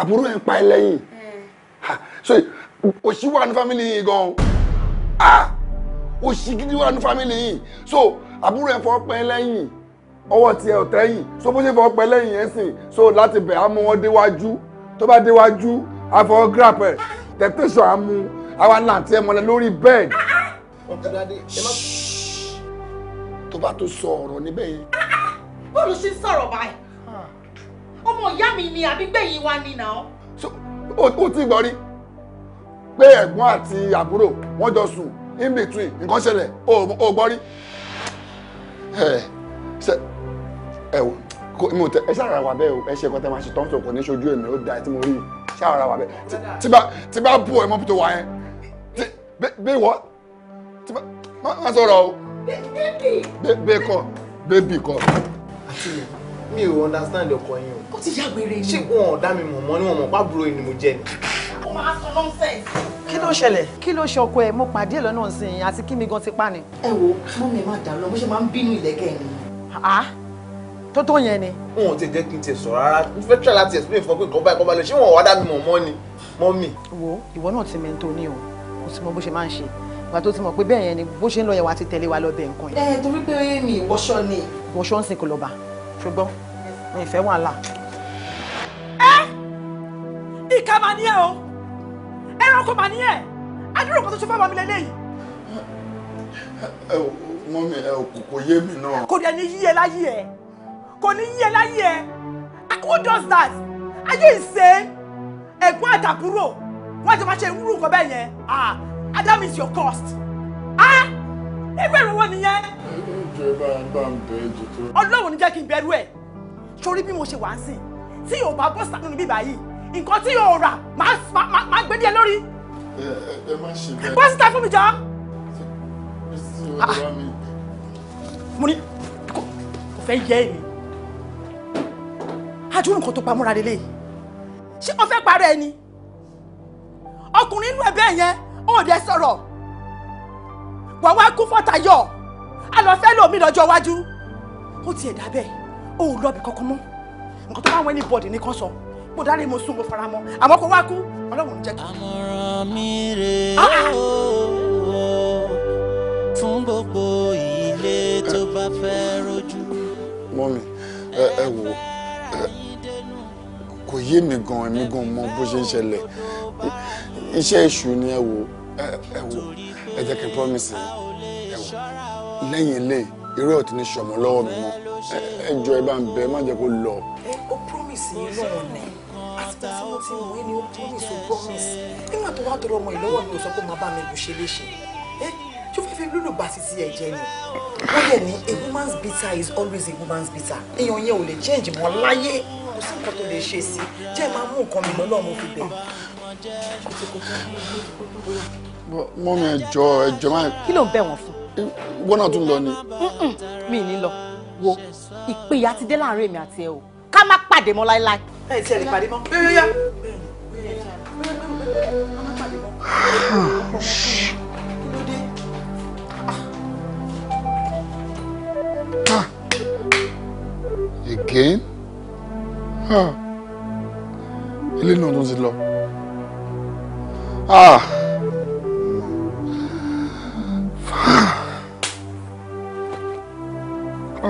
àbúrò ẹ̀ pa ẹ lẹ́yìn eh òṣì wà ní fámìlì yìí gan ah òṣì gidi wà ní fámìlì yìí so àbúrò ẹ̀ fọ́ pẹ́ lẹ́yìn ọwọ́ tiẹ̀ ò tẹ́yìn so bó ṣe fọ́ pẹ́ lẹ́yìn ẹ̀ sìn so láti bẹ̀ á mú wọn déwájú tó bá déwájú á fọwọ́ grab ẹ̀ tẹ̀tẹ̀sọ̀ á mú àwa náà àti ẹ̀ mọ́lẹ̀ lórí bẹ́ẹ̀dì. tó bá tó sọ ọ̀rọ̀ níbẹ̀ yẹn. bọ́ọ̀lù ṣe ń sọ̀rọ̀ báyìí ọmọ ìyá mi ni àbígbẹ̀yìn wa ni nà ó. o ti gbọ́ rí pé ẹ̀gbọ́n àti àbúrò wọ́n jọ sùn in between nǹkan ṣẹlẹ̀ o gbọ́ rí ẹ wò mo tẹ ẹ ṣàrà wà bẹ́ẹ̀ o ẹ ṣe ẹ̀kọ́ tẹ máa ṣe tọ́ǹtò kò ní ṣojú èmi ó da ẹ tí mo rí ṣàrà wà bẹ́ẹ̀ tí bá bù ẹ mọ́ tó wà yẹn bẹ́ẹ̀ wọ́ tí bá má sọ̀rọ̀ o bẹ́ẹ̀ kọ́ bẹ́ẹ̀bì kọ́. mi ò understand ọkọ yín o. ó ti yàgbére ni. ṣé wọn ò dá mi mọ̀ mọ́ ni wọn mọ̀ pàbúrò ni mo ni máa sọ nọ́ńsẹ̀nsì. kí ló ṣẹlẹ̀ kí ló ṣọkọ ẹ mo pàdé ẹ lọ́nà ìsìn àti kí mi gan ti pa ni. ẹ wo mọ́mí ẹ má dàrú lọ bó ṣe máa ń bínú ìlẹ́kẹ̀ ni. àá tó tó yẹn ni. wọn ò tí ì jẹ́ kí n tiẹ̀ sọ rárá mo fẹ́ try láti explain fún ọ pé báyìí kọ́ bá ṣé wọn wá dá mi mọ̀ mọ́ ni mọ́mí. wo ìwọ náà ti mẹ́ńtò ní o kò sí mọ bó ṣe máa ń ṣe ìgbà tó ti mọ̀ pé bẹ́ẹ̀ yẹn ni bó ṣe ń lọ yẹn wá ti tẹ̀lé wa lọ bẹ̀ nǹkan yẹn. ẹ torí pé mi ìwọṣọ ni. ìwọṣọ ń sin kò lọ bá ṣùgbọ́n mi ìfẹ́ wà ẹ ìkà máa ní ẹ o ẹranko mà ní ẹ adúrò kan tó ṣe fún àwọn ilé yìí. ẹ ò mọ mi ẹ ò kò yé mi náà. kò dẹ̀ ní yí ẹ láyé ẹ kò ní yí ẹ láyé ẹ who does that are you insane ẹ̀gbọ́n àtàbúrò wọ́n ti máa ṣe irú nǹkan bẹ́ẹ̀ yẹn ah adam is your cost ah ẹgbẹ́ ìrànwọ́ nìyẹn. ìjọ bá ń bá ń bẹ ètò. ọlọ́run ní jẹ́ kí n bẹ̀rù ẹ̀ sórí bí mo ṣe wà ń sìn tí yóò bá bọ́ sínú bíbá yìí nǹkan tí yóò rà máa gbé díẹ̀ lórí. ẹ má ṣe bẹ́ẹ̀. pásítà fún mi jọ. Ah. mo ní kò fẹ́ yẹ èmi àjọ nǹkan tó pamọ́ra lélẹ̀ ṣé wọ́n fẹ́ parẹ́ ẹni ọkùnrin inú ẹ̀bẹ̀ yẹn ò dé sọ̀rọ̀ wàá wá kú fọ́tayọ̀ a lọ fẹ́ lómi lọ́jọ́ iwájú ó tiẹ̀ dábẹ́ ò lọ́ọ̀bì kankan mọ́ nǹkan tó bá wọn ní bọ́ọ̀dì ní kan sọ. So mo dárí mo sùn mo fara mọ́ àmọ́ kó wá kú ọlọ́run ń jẹ́ kí. àmọ̀ràn mi rèé ah! ooo fún gbogbo ilé tó bá fẹ́ rojú. mọ́mi ẹ ẹ wo kò yé mi gan èmi gan mọ bó ṣe ń ṣẹlẹ̀ iṣẹ́ èṣù ni ẹ wo ẹ wo ẹ jẹ́ kí n promise ẹ wo lẹ́yìn eléyìí irú ọ̀tún ní ṣọ̀mọ́ lọ́wọ́ mi mọ́ ẹ jọ ẹ bá ń bẹ ẹ má jẹ́ kó lọ. ó promise yín lọ́wọ́ náà àsìkò tí mo ní o promise o promise nígbà tó wá tọrọ ọmọ ìlọ́wọ́ mi ò sọ pé màá bá mi lù ṣe léṣe tó fẹ́ fi lùlù bá títí ẹ̀ jẹ́ ni wọ́n yẹ ní a woman's bitter is always a woman's bitter èèyàn yẹn ò lè change mọ́ láyé kò sí nǹkan tó lè ṣe sí jẹ́ máa mú nǹkan mi lọ́lọ́ mo fi bẹ̀. mọ́ mi ẹjọ́ ẹjọ́ máa. kí ló ń bẹ̀ wọ́n fún. wọ́n náà tún lọ ni. mi ì ní lọ wo ìpínyà ti ká má pàdé mọ́ láéláé. ẹ ti ẹ lè pàdé mọ́ bẹ́ẹ̀ yá. Again? Huh. Ah. Ilé náà tún ti lọ. Ah.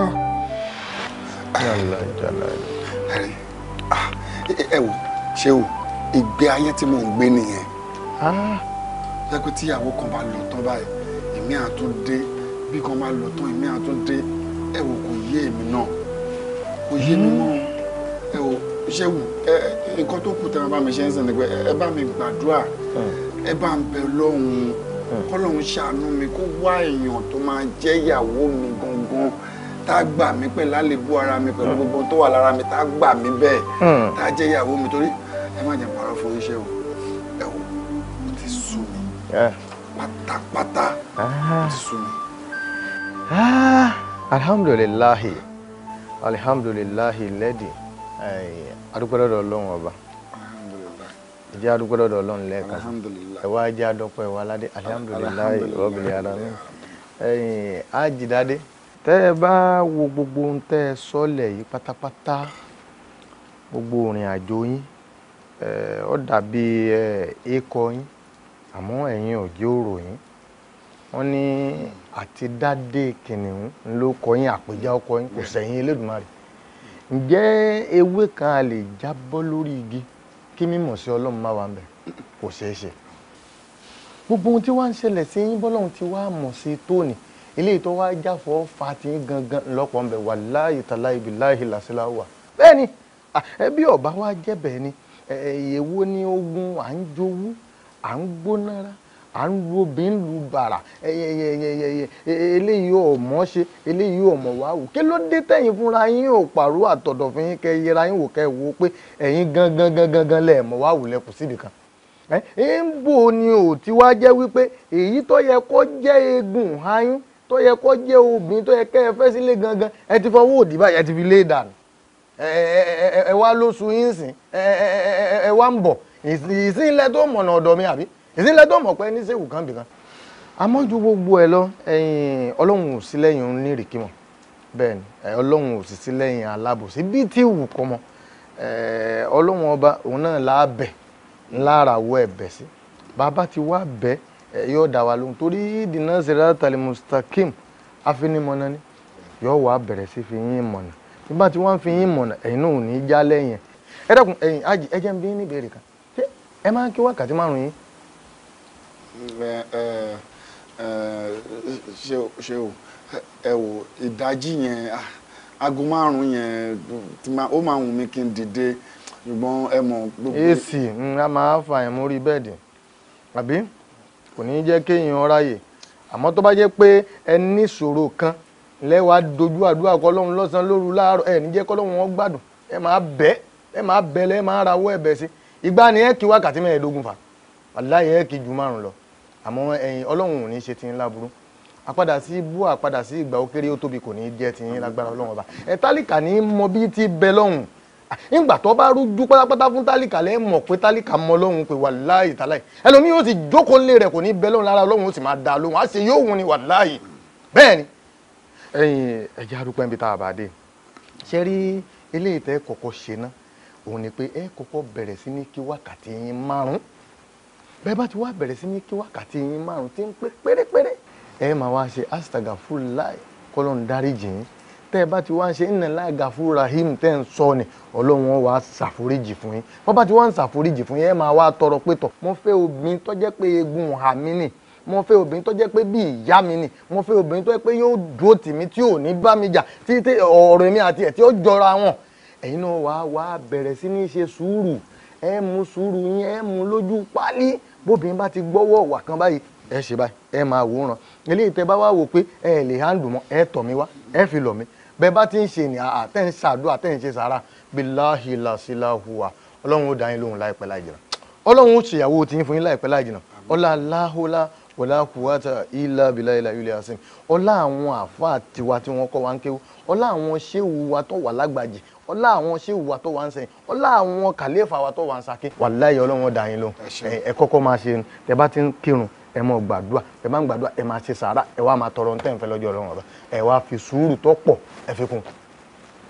Ah. Jàlá ah. jàlá ẹ wò ṣé o ìgbé ayé tí mò ń gbé nìyẹn ah. jẹ́ pé tíyàwó kan bá lọ tán báyìí èmi àtúndé bí kan bá lọ tán èmi àtúndé ẹ wò kò yé èmi náà kò yé mi mọ́ ẹ wò ṣé wù ẹ nǹkan tó kù tẹ́lẹ̀ bá mi ṣe ń sìn ní pé ẹ bá mi gbàdúrà hmm. ẹ bá ń bẹ lọ́hùn-ún hmm. kọ́lọ́hún ṣàánú mi kó wá èèyàn tó máa jẹ́ ìyàwó mi gangan tá a gbà mí pẹ̀lú àlébù ara mi pẹ̀lú gbogbo tó wà lára mi tá a gbà mí bẹ́ẹ̀ hmm. tá a jẹ́ ìyàwó mi torí ẹ má jẹ́ pàrọ̀ fún iṣẹ́ o ẹ wò ó ti sú mi ah. pátápátá ó ah. ti sú mi. Ah. alhamdulilahi alhamdulilahi lẹ́dí adúpẹ́lọ́dọ̀ ọlọ́run ọba ìjẹ́ adúpẹ́lọ́dọ̀ ọlọ́run lẹ́ẹ̀kan ẹ wá jẹ́ adọ́pẹ́ wa ládé rọ́bìnrin ara náà ẹ̀yìn ájìdádé. tẹ́ ẹ bá wo gbogbo ohun tẹ́ ẹ sọ́lẹ̀ yìí pátápátá gbogbo ìrìn àjò yín ọ eh, dàbí ẹ̀ẹ́kọ eh, yín àmọ́ ẹ̀yin ò jẹ́ òrò yín wọ́n ní àti dádé kìnìún ló kọ yín àpèjá ọkọ yín kò sẹ́yìn Elédùmarè ǹjẹ́ ewé kan a lè jábọ́ lórí igi kí mímọ̀ sí Ọlọ́run má wà ń bẹ̀ kò ṣeé ṣe gbogbo ohun tí wàá ń ṣẹlẹ̀ sí yín bọ́lọ́run ti wá mọ̀ sí tóní. eléyìí tó wá jáfọ́ fati gangan lọ́pọ̀ ńbẹ wàláyé tàláyé bíláyé làṣẹlá wà. bẹ́ẹ̀ni ẹbí ọba wa jẹ́bẹ̀ẹ́ ni èèwò ni ogun à ń jowú à ń gbónára à ń lu obìnrin lu bàrà eléyìí ò mọ̀ ṣe eléyìí ò mọ̀ wá wò kí ló dé tẹ̀yìn fúnra yín ò pàrọ̀ àtọ̀dọ̀ fún yín kẹ́ yẹra yín wò kẹ́ wò pé ẹ̀yin gangan gangan gan lẹ̀ mọ̀ wá wò lẹ́kùn síbìkan ẹ̀ ń bò ni ò ti wá jẹ́ wípé èyí tó yẹ kó jẹ́ eegun ayún tó yẹ kó jẹ́ obìnrin tó yẹ kẹ́ ẹ fẹ́ sílé gangan ẹ ti fọwọ́ òdì báyìí ẹ ti fi lé dànù ẹ wá lóṣù yín sìn ẹ wá ń bọ̀ ìsínlẹ̀ tó mọ̀nà ọ̀dọ̀ mi àbí ìsínlẹ̀ tó mọ̀ pé ní sèwù kan bìkan àmọ́ ju gbogbo ẹ lọ ẹ̀yin ọlọ́run ò sí lẹ́yìn onírìkí mọ̀ bẹ́ẹ̀ ni ọlọ́run ò sì sí lẹ́yìn alábòsí bíi tí wù kọ́ mọ́ ọlọ́run ọba òun náà láàbẹ̀ ńlárawọ́ ẹ̀bẹ̀ sí bàbá ti wá bẹ́ẹ̀ Eh, yóò dá wa lóhùn torí ìdìnnà siratal mustaqim afinimọ̀nà ni yóò wá bẹ̀rẹ̀ sí fi yín mọ̀nà nígbà tí wọ́n fi yín mọ̀nà ẹ̀yin náà ò ní í já lẹ́yìn ẹ dẹ́kun ẹ̀yin ajì ẹ ń bí ní ìbéèrè kan ṣé ẹ máa ń kí wákàtí o ẹ wò ìdájí yẹn ah, aago márùn-ún yẹn ó máa wù mí kí n dìde ṣùgbọ́n ẹ mọ̀ gbogbo. a máa fà yẹn mórí kò ní jẹ́ kéèyàn ráyè àmọ́ tó bá jẹ́ pé ẹ ní ìṣòro kan lẹ́wà dojú àdúrà kọlọ́run lọ́sàn-án lóru láàárọ̀ ẹ ní jẹ́ kọlọ́run wọn gbádùn ẹ máa bẹ́ ẹ máa bẹ́ lẹ́ máa rawọ́ ẹ̀bẹ̀ sí ìgbà ni ẹ kí wákàtí mẹ́ẹ̀ẹ́dógún fà wàláyé ẹ kí ju márùn lọ àmọ́ ẹ̀yìn ọlọ́run ò ní ṣe ti ń láburú àpadà sí ibú àpadà sí ìgbà ó kéré ó tóbi kò ní jẹ́ ti ń lágbára ọlọ́run ọba ẹ̀ tálíkà ní mọ bí ti bẹ lọ́hùn nígbà tó bá rújú pátápátá fún tálíkà lẹ́ mọ̀ pé tálíkà mọ lọ́hùn pé wàláì tàláì ẹlòmíì yóò ti jókòó lé rẹ̀ kò ní bẹ́ lọ́hùn lára lọ́hùn ó sì máa da lóhùn á ṣe yóò wù ni wàláì bẹ́ẹ̀ ni ẹ̀yin ẹ̀jẹ̀ arúgbó ẹ̀ńbi tá a bá dé ṣe rí ilé ìtẹ́ kọ̀kọ́ ṣe ná òun ni pé ẹ kọ́kọ́ bẹ̀rẹ̀ sí ní kí wákàtí yín márùn-ún bẹ́ẹ̀ bá ti wá bẹ̀rẹ̀ sí ní kí wákàtí yín márùn tí ń pé pérépéré ẹ máa wá ṣe astagafurulai kọ́lọ́n dáríjì yín tẹ́ ẹ bá ti wá ń ṣe ń nà láì gàfúrú rahim tẹ́ ń sọ ni ọlọ́run wa ṣàforíjì fún yín wọ́n bá ti wá ń ṣàforíjì fún yín ẹ máa wá tọrọ pé tọ̀ mo fẹ́ obìnrin tó jẹ́ pé egun hà mí nì mo fẹ́ obìnrin tó jẹ́ pé bí ìyá mi nì mo fẹ́ obìnrin tó jẹ́ pé yóò dúró tì mí tí ò ní bá mi jà tí ọ̀rọ̀ èmi àti ẹ̀ tí ó jọra wọn ẹ̀yin náà wá wá bẹ̀rẹ̀ sí ní ṣe sùúrù ẹ mú sùúrù yín ẹ mú lójú pálí bóbìnrin bá ti gbọ́wọ́ wà kan báyìí ẹ ṣe báyìí ẹ máa wòran eléyìí tẹ bá wá wò pé ẹ lè handle mọ́ ẹ tọ̀ mí wá ẹ fi lọ̀ mí bẹ́ẹ̀ bá ti ń ṣe ní àà tẹ́ ń ṣàdúrà tẹ́ ń ṣe sàárà billahi la silahua ọlọ́run ó dá yín lóhùn láìpẹ́ láì jìnnà ọlọ́run ó ṣèyàwó tí ń fún yín láìpẹ́ láì jìnnà ọlá láhólá ọlá kùwátà ilá bìlá ilá ilé asin ọlá àwọn àfáà tiwa tí wọ́n kọ́ wa ń kéwú ọlá àwọn ṣéwù wa tó wà lágbàjì ọlá àwọn ṣéwù wa tó wà ń sẹ́yìn ọlá àwọn kàléfà wa tó wà ń sàké wàláhì ọlọ́run ó yín lóhùn ẹ kọ́kọ́ máa ṣe tẹ́ bá ti ń kírun ẹ máa gbàdúrà ẹ máa ń gbàdúrà ẹ máa ṣe sàárà ẹ wá máa tọrọ ntẹ́ ń fẹ́ lọ́jọ́ ọlọ́run ọba ẹ wá fi sùúrù tó pọ̀ ẹ fi kún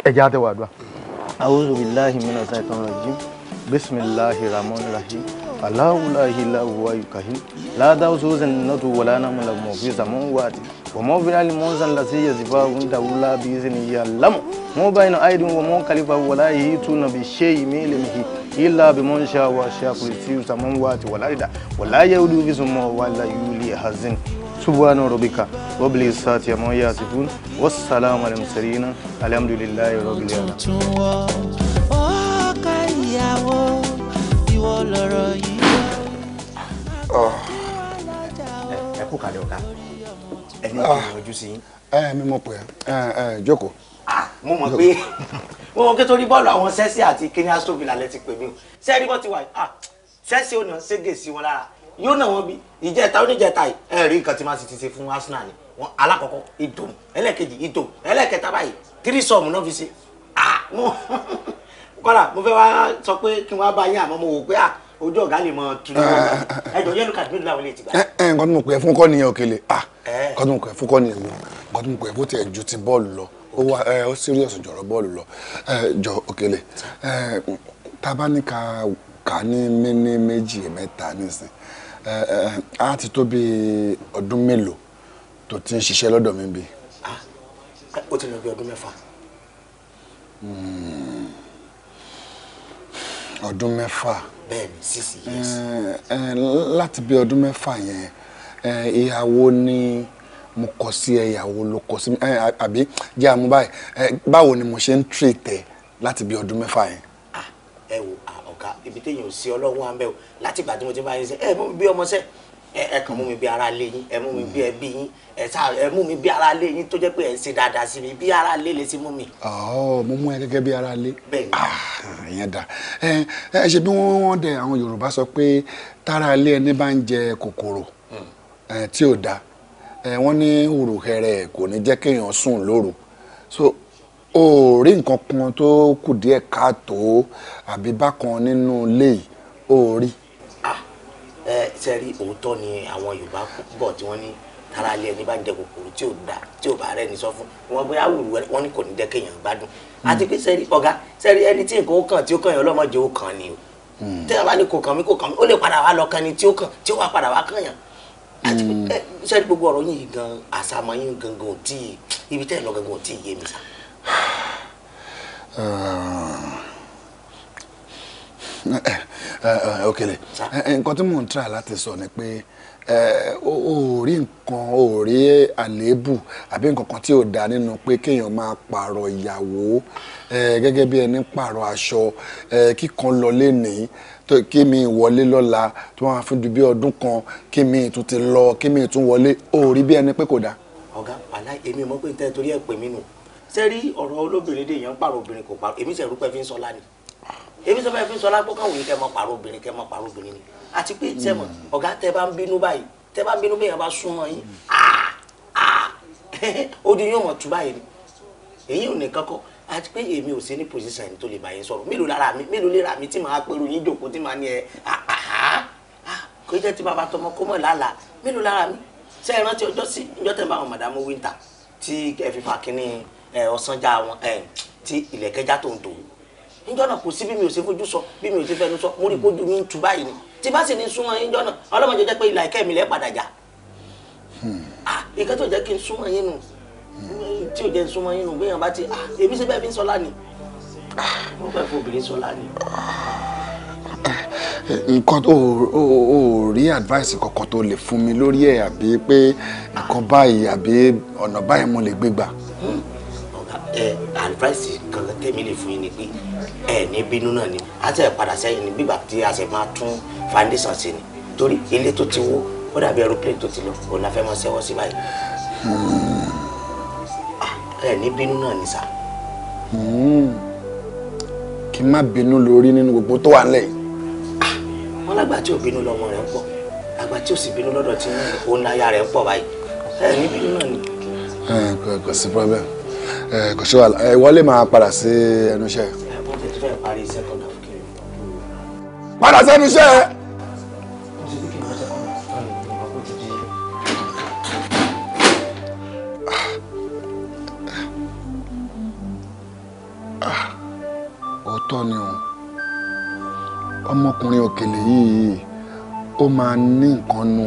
ẹjẹ àtẹwà àdúrà. a'udhu billahi minash shaitanir rajim bisimilahi rahman rahim aláwùláhi láwùwá yukahi ládàá sózan nàtú wàlá nàmú la mọ̀ fi sàmú wáàtì wa mọ̀ fi àlì mọ̀nsán lásì yẹsìfà ń dàwùlá bí sinmi yà lámù mọ̀ báyìí náà àìdùn wọ̀ mọ̀ kàlífà wàlá yìí tún nàbì ṣé yìí mí lè mìhì illa bi man sha wa sha kulisi saman wati wala ida wala yaudu bi summa wala yuli hazin Subhanahu rabbika rabbil izzati amma yasifun wassalamu alal mursalin alhamdulillahi rabbil alamin. Ah. ẹ kú kalẹ̀ ọ̀gá ẹni tó ah. yọjú sí. ẹ mi mọ̀ pé ẹ ẹ jókòó. Ah, mo mọ̀ pé mo mọ̀ pé torí bọ́ọ̀lù àwọn sẹ́sì àti kenya stovila lẹ ti pè mí o sẹ́ẹ̀rí bọ́ ti wà sẹ́sì ò ní ṣége sí wọn lára yóò nà wọ́n bí ìjẹta oníjẹta yìí ẹ rí nǹkan tí man city ṣe fún arsenal ni wọn alákọ̀ọ́kọ́ ìdòm ẹlẹ́ẹ̀kejì ìdòm ẹlẹ́ẹ̀kẹta báyìí tírí sọ̀mù náà fi ṣe ah kọ́lá mo fẹ́ wá sọ pé kí wọ́n bá yín àmọ́ mo wò pé ah ojú ọ̀gá lè mọ tunu ọ̀gá ẹjọ yẹnu kàdúrà ìlú àwọn ilé ti gbà. ẹ ẹ nǹkan tó mọ̀ pé fún kọ́ nìyẹn òkèlè ah nǹkan tó mọ̀ pé fún kọ́ nìyẹn wò nǹkan tó mọ̀ pé bó tiẹ̀ ju ti bọ́ọ̀lù lọ ó wá ẹ ó serious jọ̀rọ̀ bọ́ọ̀lù lọ ẹ jọ òkèlè ẹ tá ká ní méní méjì mẹ́ta nísìnyí a ti tó bí ọdún mélòó tó ti ń ṣiṣẹ́ lọ́dọ̀ mi bí. Ah, ó ti lọ bí ọdún mẹ́fà. Hmm. ọdún mẹ́fà. bẹ́ẹ̀ni six years. láti bí ọdún mẹ́fà yẹn ìyàwó ni mo kọ sí ẹ ìyàwó ló kọ sí mi àbí jẹ́ àmú báyìí báwo ni mo ṣe ń treat láti bí ọdún mẹ́fà yẹn ká ibi téèyàn ò sí ọlọ́run wa o láti ìgbà tí mo ti bá yín ṣe ẹ mú mi bí ọmọ sẹ́ ẹ kàn mú mi bí ara lé yín ẹ mú mi bí ẹbí yín ẹ sá ẹ mú mi bí ara lé yín tó jẹ́ pé ẹ ṣe dáadáa sí mi bí ara lé lè ti mú mi. ọ mo mú ẹ gẹ́gẹ́ bí ara lé. bẹ́ẹ̀ni ah, ìyẹn dà ẹ ẹ ṣe bí wọn dẹ àwọn Yorùbá sọ pé tára lé ẹni bá ń jẹ kòkòrò hmm. tí ò da wọn ní òrùkẹrẹ kò ní jẹ́ kéèyàn sùn lóru so o ò rí nǹkan kan tó kù díẹ̀ káàtó àbí bákan nínú ilé yìí o ò rí. Ah, ẹ ṣe rí òótọ́ ni àwọn yorùbá bọ̀ tí wọ́n ní tara ilé ẹni bá ń jẹ kòkòrò tí ò da tí ò bá rẹ ní sọ fún wọn bóyá wùlù wọn ni kò ní jẹ kéèyàn gbádùn àti pé sẹ́rí ọ̀gá sẹ́rí ẹni tí nǹkan ó kàn tí ó kàn yàn ọlọ́mọdé ó kàn ni o hmm. tí a bá ní kò kàn mí kò kàn mí ó lè padà wá lọ kàn ni tí ó kàn tí ó wá padà wá kàn yàn àti pé sẹ́rí hmm. gbogbo ọ̀rọ̀ yìí gan àṣàmọ́ gangan ò tí ibi tẹ́ ẹ̀ lọ gangan ò tí ì yé mi sá. Okele eh, nǹkan tí mò ń try láti sọ ni pé eh, o ò rí nǹkan o ò rí àléébù àbí nǹkan kan tí ò dáa nínú pé kéèyàn máa pààrọ̀ ìyàwó eh, gẹ́gẹ́ bí ẹni pààrọ̀ aṣọ kíkan lọlé nìyí kí mi wọlé lọ́la tó máa fún ju bí ọdún kan kí mi ti lọ kí mi tún o ò rí bí ẹni pé kò dáa. ọ̀gá àlá èmi mọ̀ pé n tẹ́ torí ẹ̀ pè mí nù sẹ́rí ọ̀rọ̀ olóbìnrin dè yẹn ń pààrọ̀ obìnrin kò pààrọ̀ èmi sẹ̀rú pẹ́ fi ń sọ lánìí èmi sọ pé fi ń sọ lápò káwọn yìí kẹ́ mọ pààrọ̀ obìnrin kẹ́ mọ pààrọ̀ obìnrin ni àti pé sẹ́mọ̀ ọ̀gá tẹ bá ń bínú báyìí tẹ bá ń bínú bẹ́ẹ̀ yẹn bá súnmọ́ yín odi yóò mọ̀ tú báyìí ni èyí ò ní kọ́kọ́ àti pé èmi ò sí ní pòsíṣàn ẹni tó lè bá yín sọ̀rọ̀ mélòó lára mi mélòó lè ra mi tí màá pẹ̀lú yín jòkó tí màá ní ẹ kò jẹ́ ti bàbá tọmọ kó mọ̀ lálàá mélòó lára mi ṣe é ọ̀sánjà wọn tí ìlẹ̀kẹ́já tó ń tò níjọ́ náà kò sí bí mi ò ṣe fojú sọ bí mi ò ṣe fẹnu sọ mo rí kojú mi ń tu báyìí ni tí bá sì ní súnmọ́ níjọ́ náà ọlọ́mọdé jẹ́ pé ìlà ìkẹ́ mi lẹ́ padà já ìkẹ́ tó jẹ́ kí n súnmọ́ yín nù tí ò jẹ́ n súnmọ́ yín nù bí èèyàn bá ti èmi ṣe bẹ́ẹ̀ fi ń sọ lánìí mo fẹ́ fún obìnrin sọ lánìí nǹkan o ò rí advice kankan tó lè fún mi lórí ẹ̀ àbí pé nǹkan báyìí àbí ọ̀nà báyìí mo lè gbé ẹ advice kankan tẹ̀mí lè fún yín ni pé ẹ ní bínú náà ni a ti padà sẹ́yìn ní bíbà tí a sì máa tún foundation sí ni torí ilé tó ti wó ó dàbí aeroplane tó ti lọ òun la fẹ́ máa ṣẹ́wọ́ sí báyìí ah, ẹ ní bínú náà ni sà. Hmm. kí n má bínú lórí nínú gbogbo tó wà lẹ́yìn. Ah, wọn lágbà tí ò bínú lọmọ rẹ̀ ń pọ̀ àgbà tí ò sì bínú lọ́dọ̀ tí òun láyà rẹ̀ ń pọ̀ báyìí ẹ ní bínú náà ni. ẹ eh, kò sí problem kò ṣe wàhálà ẹ wọlé máa padà sí ẹnu iṣẹ́. padà sẹ́nu iṣẹ́. òótọ́ ni o ọmọkùnrin òkèlè yìí ó máa ní nǹkan nù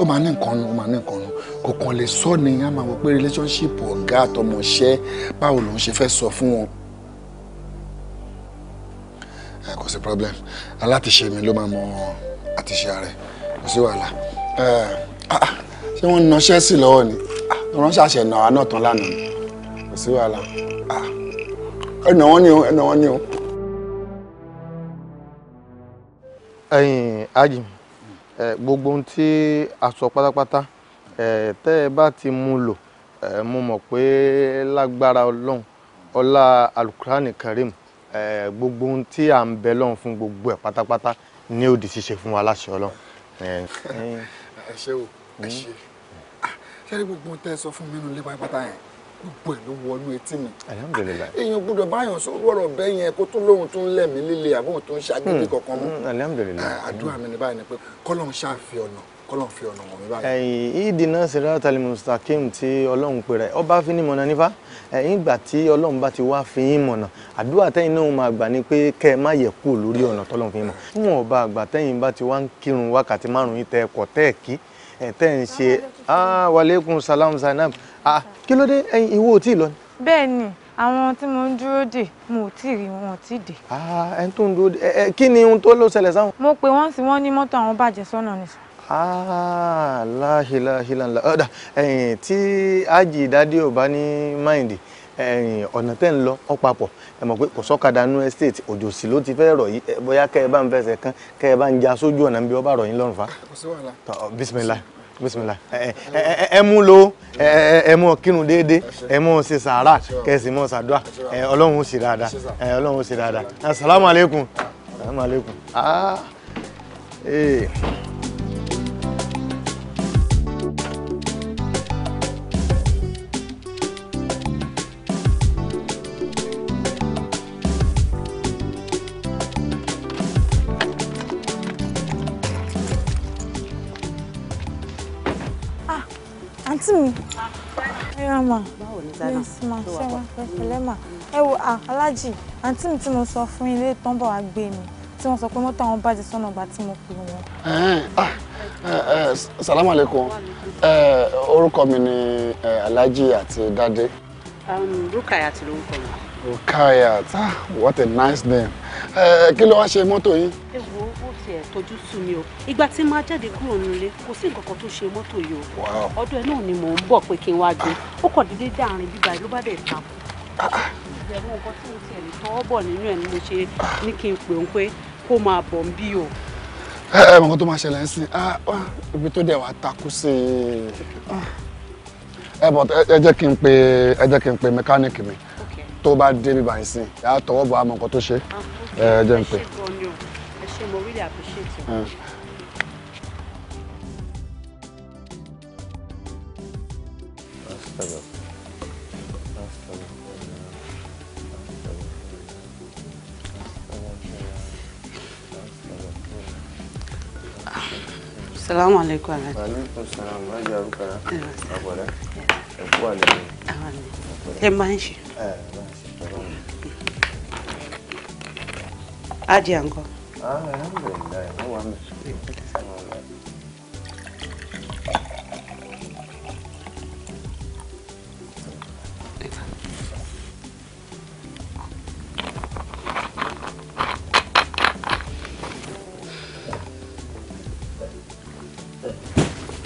ó máa ní nǹkan nù ó máa ní nǹkan kò kàn lè sọ ni a máa wọ pé relationship ọ̀gá àtọmọṣẹ́ báwo lòun ṣe fẹ́ sọ fún wọn. ẹ kò sí problem alátiṣe mi ló máa mọ àtiṣe rẹ kò sí wàhálà ah, ah, ṣé wọ́n ń sí lọ́wọ́ ni ah, ránṣẹ́ àṣẹ náà náà tán lánàá kò sí wàhálà ẹnà wọn ni o ẹnà wọn ni o. ẹyin ajim gbogbo ohun tí a sọ pátápátá tẹ́ ẹ bá ti mú lò mo mọ̀ pé lágbára ọlọ́run ọlá alukurani karim gbogbo ohun tí à ń bẹ lọ́run fún gbogbo ẹ̀ pátápátá ní òdì ṣíṣe fún wa láṣẹ ọlọ́run. ẹ ṣe o ẹ hmm? ṣe ah, ṣé rí gbogbo ohun tẹ́ ẹ sọ fún mi nínú ilé pátá yẹn gbogbo ẹ̀ ló wọnú etí mi. alhamdulilayi. Ah, èèyàn gbọ́dọ̀ báyọ̀ sọ̀rọ̀ ọ̀rọ̀ bẹ́ẹ̀ yẹn kó tó lóhun tó lẹ̀mí líle àbóhun tó ṣàgbébí hmm. kankan mú. Hmm, ah, àdúrà mi ní báyìí ni pé kọ́lọ́run kọ́lọ́n fi ọ̀nà wọn mi báyìí. ẹ̀yìn ìdìnnà siratal mustaqim tí ọlọ́run pè rẹ̀ ọba fi ní mọ̀nà nífà ẹ̀yìn ìgbà tí ọlọ́run bá ti wá fi yín mọ̀nà àdúrà tẹ́yìn náà máa gbà ní pé kẹ́ ẹ má yẹ̀ kú lórí ọ̀nà tọ́lọ́run fi mọ̀ fún ọba àgbà tẹ́yìn bá ti wá ń kírun wákàtí márùn-ún tẹ́ ẹ̀kọ́ tẹ́ ẹ̀ kí tẹ́ ń ṣe ah, wàlẹ́kùn salam zainab ah, kí ló dé ẹ̀yìn ìwọ ò tí ì lọ ni. bẹ́ẹ̀ ni àwọn tí mo ń dúró dè mo ò tí ì rí wọn tí ì ah, ẹni tó ń dúró dè kí ni ohun tó ló ṣẹlẹ̀ sáwọn. mo pè wọ́n sí wọ́n ní mọ́tò àwọn bàjẹ́ sọ́nà nìṣó. láhìláhìláhìlá ọ̀dà ẹ̀yìn tí ájì ìdádé ò bá ní máìndì ẹ̀yìn ọ̀nà tẹ́ ń lọ ọ́ ẹ mọ̀ pé kò sọ́kadà estate òjò ló ti fẹ rọ yìí bóyá ya ẹ bá ń fẹsẹ̀ kán kẹ́ ẹ bá ń ja sójú ọ̀nà bí ọba rọ yín lọ́rùn fa. Ah, ẹ mú lo ẹ mú kírun déédé ẹ mú ṣe sàárà ẹ sì mú ọlọ́run ee. rárá mà yes ma ṣe wá pẹ̀lẹ́ mà ẹ wo aláàjì àǹtí mi tí mo sọ fún ilé tán bọ̀ wá gbé mi tí wọ́n sọ pé mọ́tò àwọn bàjẹ́ sọ́nà ìgbà tí mo pè wọ́n. Ah, ah, ah, salamu aleykum eh, orúkọ mi ni eh, alhaji àti dade. Um, rukayat lorúkọ mi. rukayat what a nice name eh, kí ló wá ṣe mọ́tò yìí. tiẹ̀ tójú sú mi o ìgbà tí máa jáde kúrò nílé kò sí nǹkan kan tó ṣe mọ́tò yìí o ọ̀dọ̀ ẹ̀ náà ni mò ń bọ̀ pé kí n wá gbé ó kàn dédé dáàrin bíbá ló bá dẹ̀ ta ah, ah. ìbẹ̀rù nǹkan tí mo tiẹ̀ lè tọwọ́ bọ̀ nínú ẹ̀ ni mo ṣe ní kí n pè ń pé kó máa bọ̀ ń eh, eh, ah, eh, bí o. ẹ so mo really appreciate you. Uh. Ah. Salamu alaikum. Alaikum salam. Maji Arukara. Akwada. Ẹ̀kú àlejò. Ẹ máa ń ṣe. Ẹ eh, máa ń ṣe. Adìyà nǹkan alhamdulilayi mo wà ní sùúrù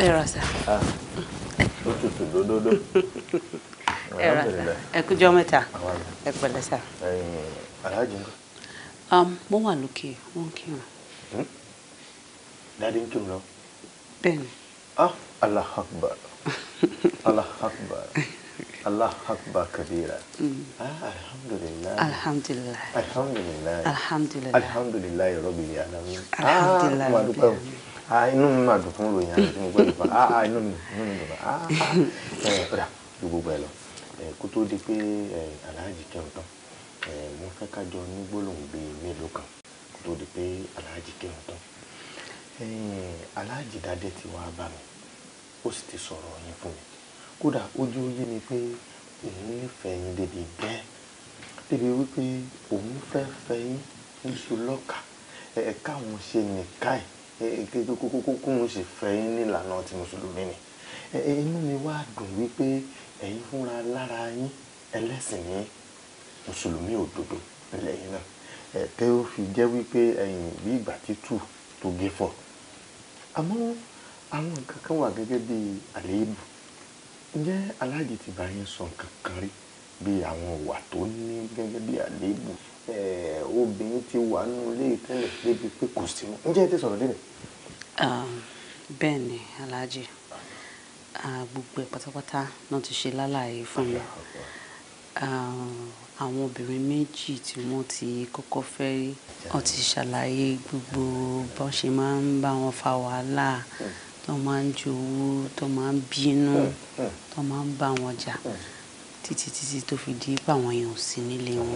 Ẹ̀rọ sà. Ó tutù dódódó. Ẹ̀rọ sà. Ẹ kújọ́ mẹ́ta. Ẹ pẹ̀lẹ́ sà. Aláàjì ń kọ́ wọ́n um, wà lókè wọ́n kírun. dáadé ń kírun lọ. bẹ́ẹ̀ni. ah allah akbar allah akbar allah akbar kabira. Hmm. ah alhamdulilayi. alhamdulilayi. alhamdulilayi. alhamdulilayi. alhamdulilayi rabbil alamin. Ah, alhamdulilayi rabbil alamin ah inú mi máa dùn fún ròyìn àti mo gbọ́dọ̀ fún ah, ah inú mi inú mi dùn ah ẹ ah. ọ̀dà eh, ju gbogbo ẹ lọ eh, kó tó di pé eh, aláàjì kẹrin tán Eh, mo fẹ́ ká jọ ní gbólóhùn bíi mélòó kan kó tó di pé aláàjì kírun tán eh, aláàjì dádé ti wá bá mi ó sì ti sọ̀rọ̀ yín fún mi kódà ojú yé mi pé òun nífẹ̀ẹ́ yín débi bẹ́ẹ̀ débi wípé òun fẹ́ fẹ́ yín níṣu lọ́kà ẹ̀ka òun ṣe nìkáì kókókókókóun sì fẹ́ yín nílànà ti mùsùlùmí ni inú mi wá dùn wípé ẹ̀yin fúnra lára yín ẹlẹ́sìn yín mùsùlùmí òdodo nílẹ̀ yìí náà ẹ̀ tẹ́ ó fi jẹ́ wípé ẹ̀yìn bí ìgbà títù tó gé fọ̀ àmọ́ àwọn nǹkan kan wà gẹ́gẹ́ bí àléébù ǹjẹ́ aláàjì ti bá yín sọ nǹkan kan rí bí àwọn ìwà tó ní gẹ́gẹ́ bí àléébù obìnrin ti wà nínú ilé ìtẹ́lẹ̀ débi pé kò sí mọ́ ǹjẹ́ ẹ ti sọ̀rọ̀ délẹ̀. bẹ́ẹ̀ ni aláàjì gbogbo ẹ̀ pátápátá náà ti ṣe lálàyé fún mi àwọn obìnrin méjì tí wọ́n ti kọ́kọ́ fẹ́ rí wọ́n ti ṣàlàyé gbogbo bọ́n ṣe máa ń bá wọn fa wàhálà tó máa ń jowú tó máa ń bínú tó máa ń bá wọn jà títí títí tó fi di pé àwọn èèyàn sí nílé wọn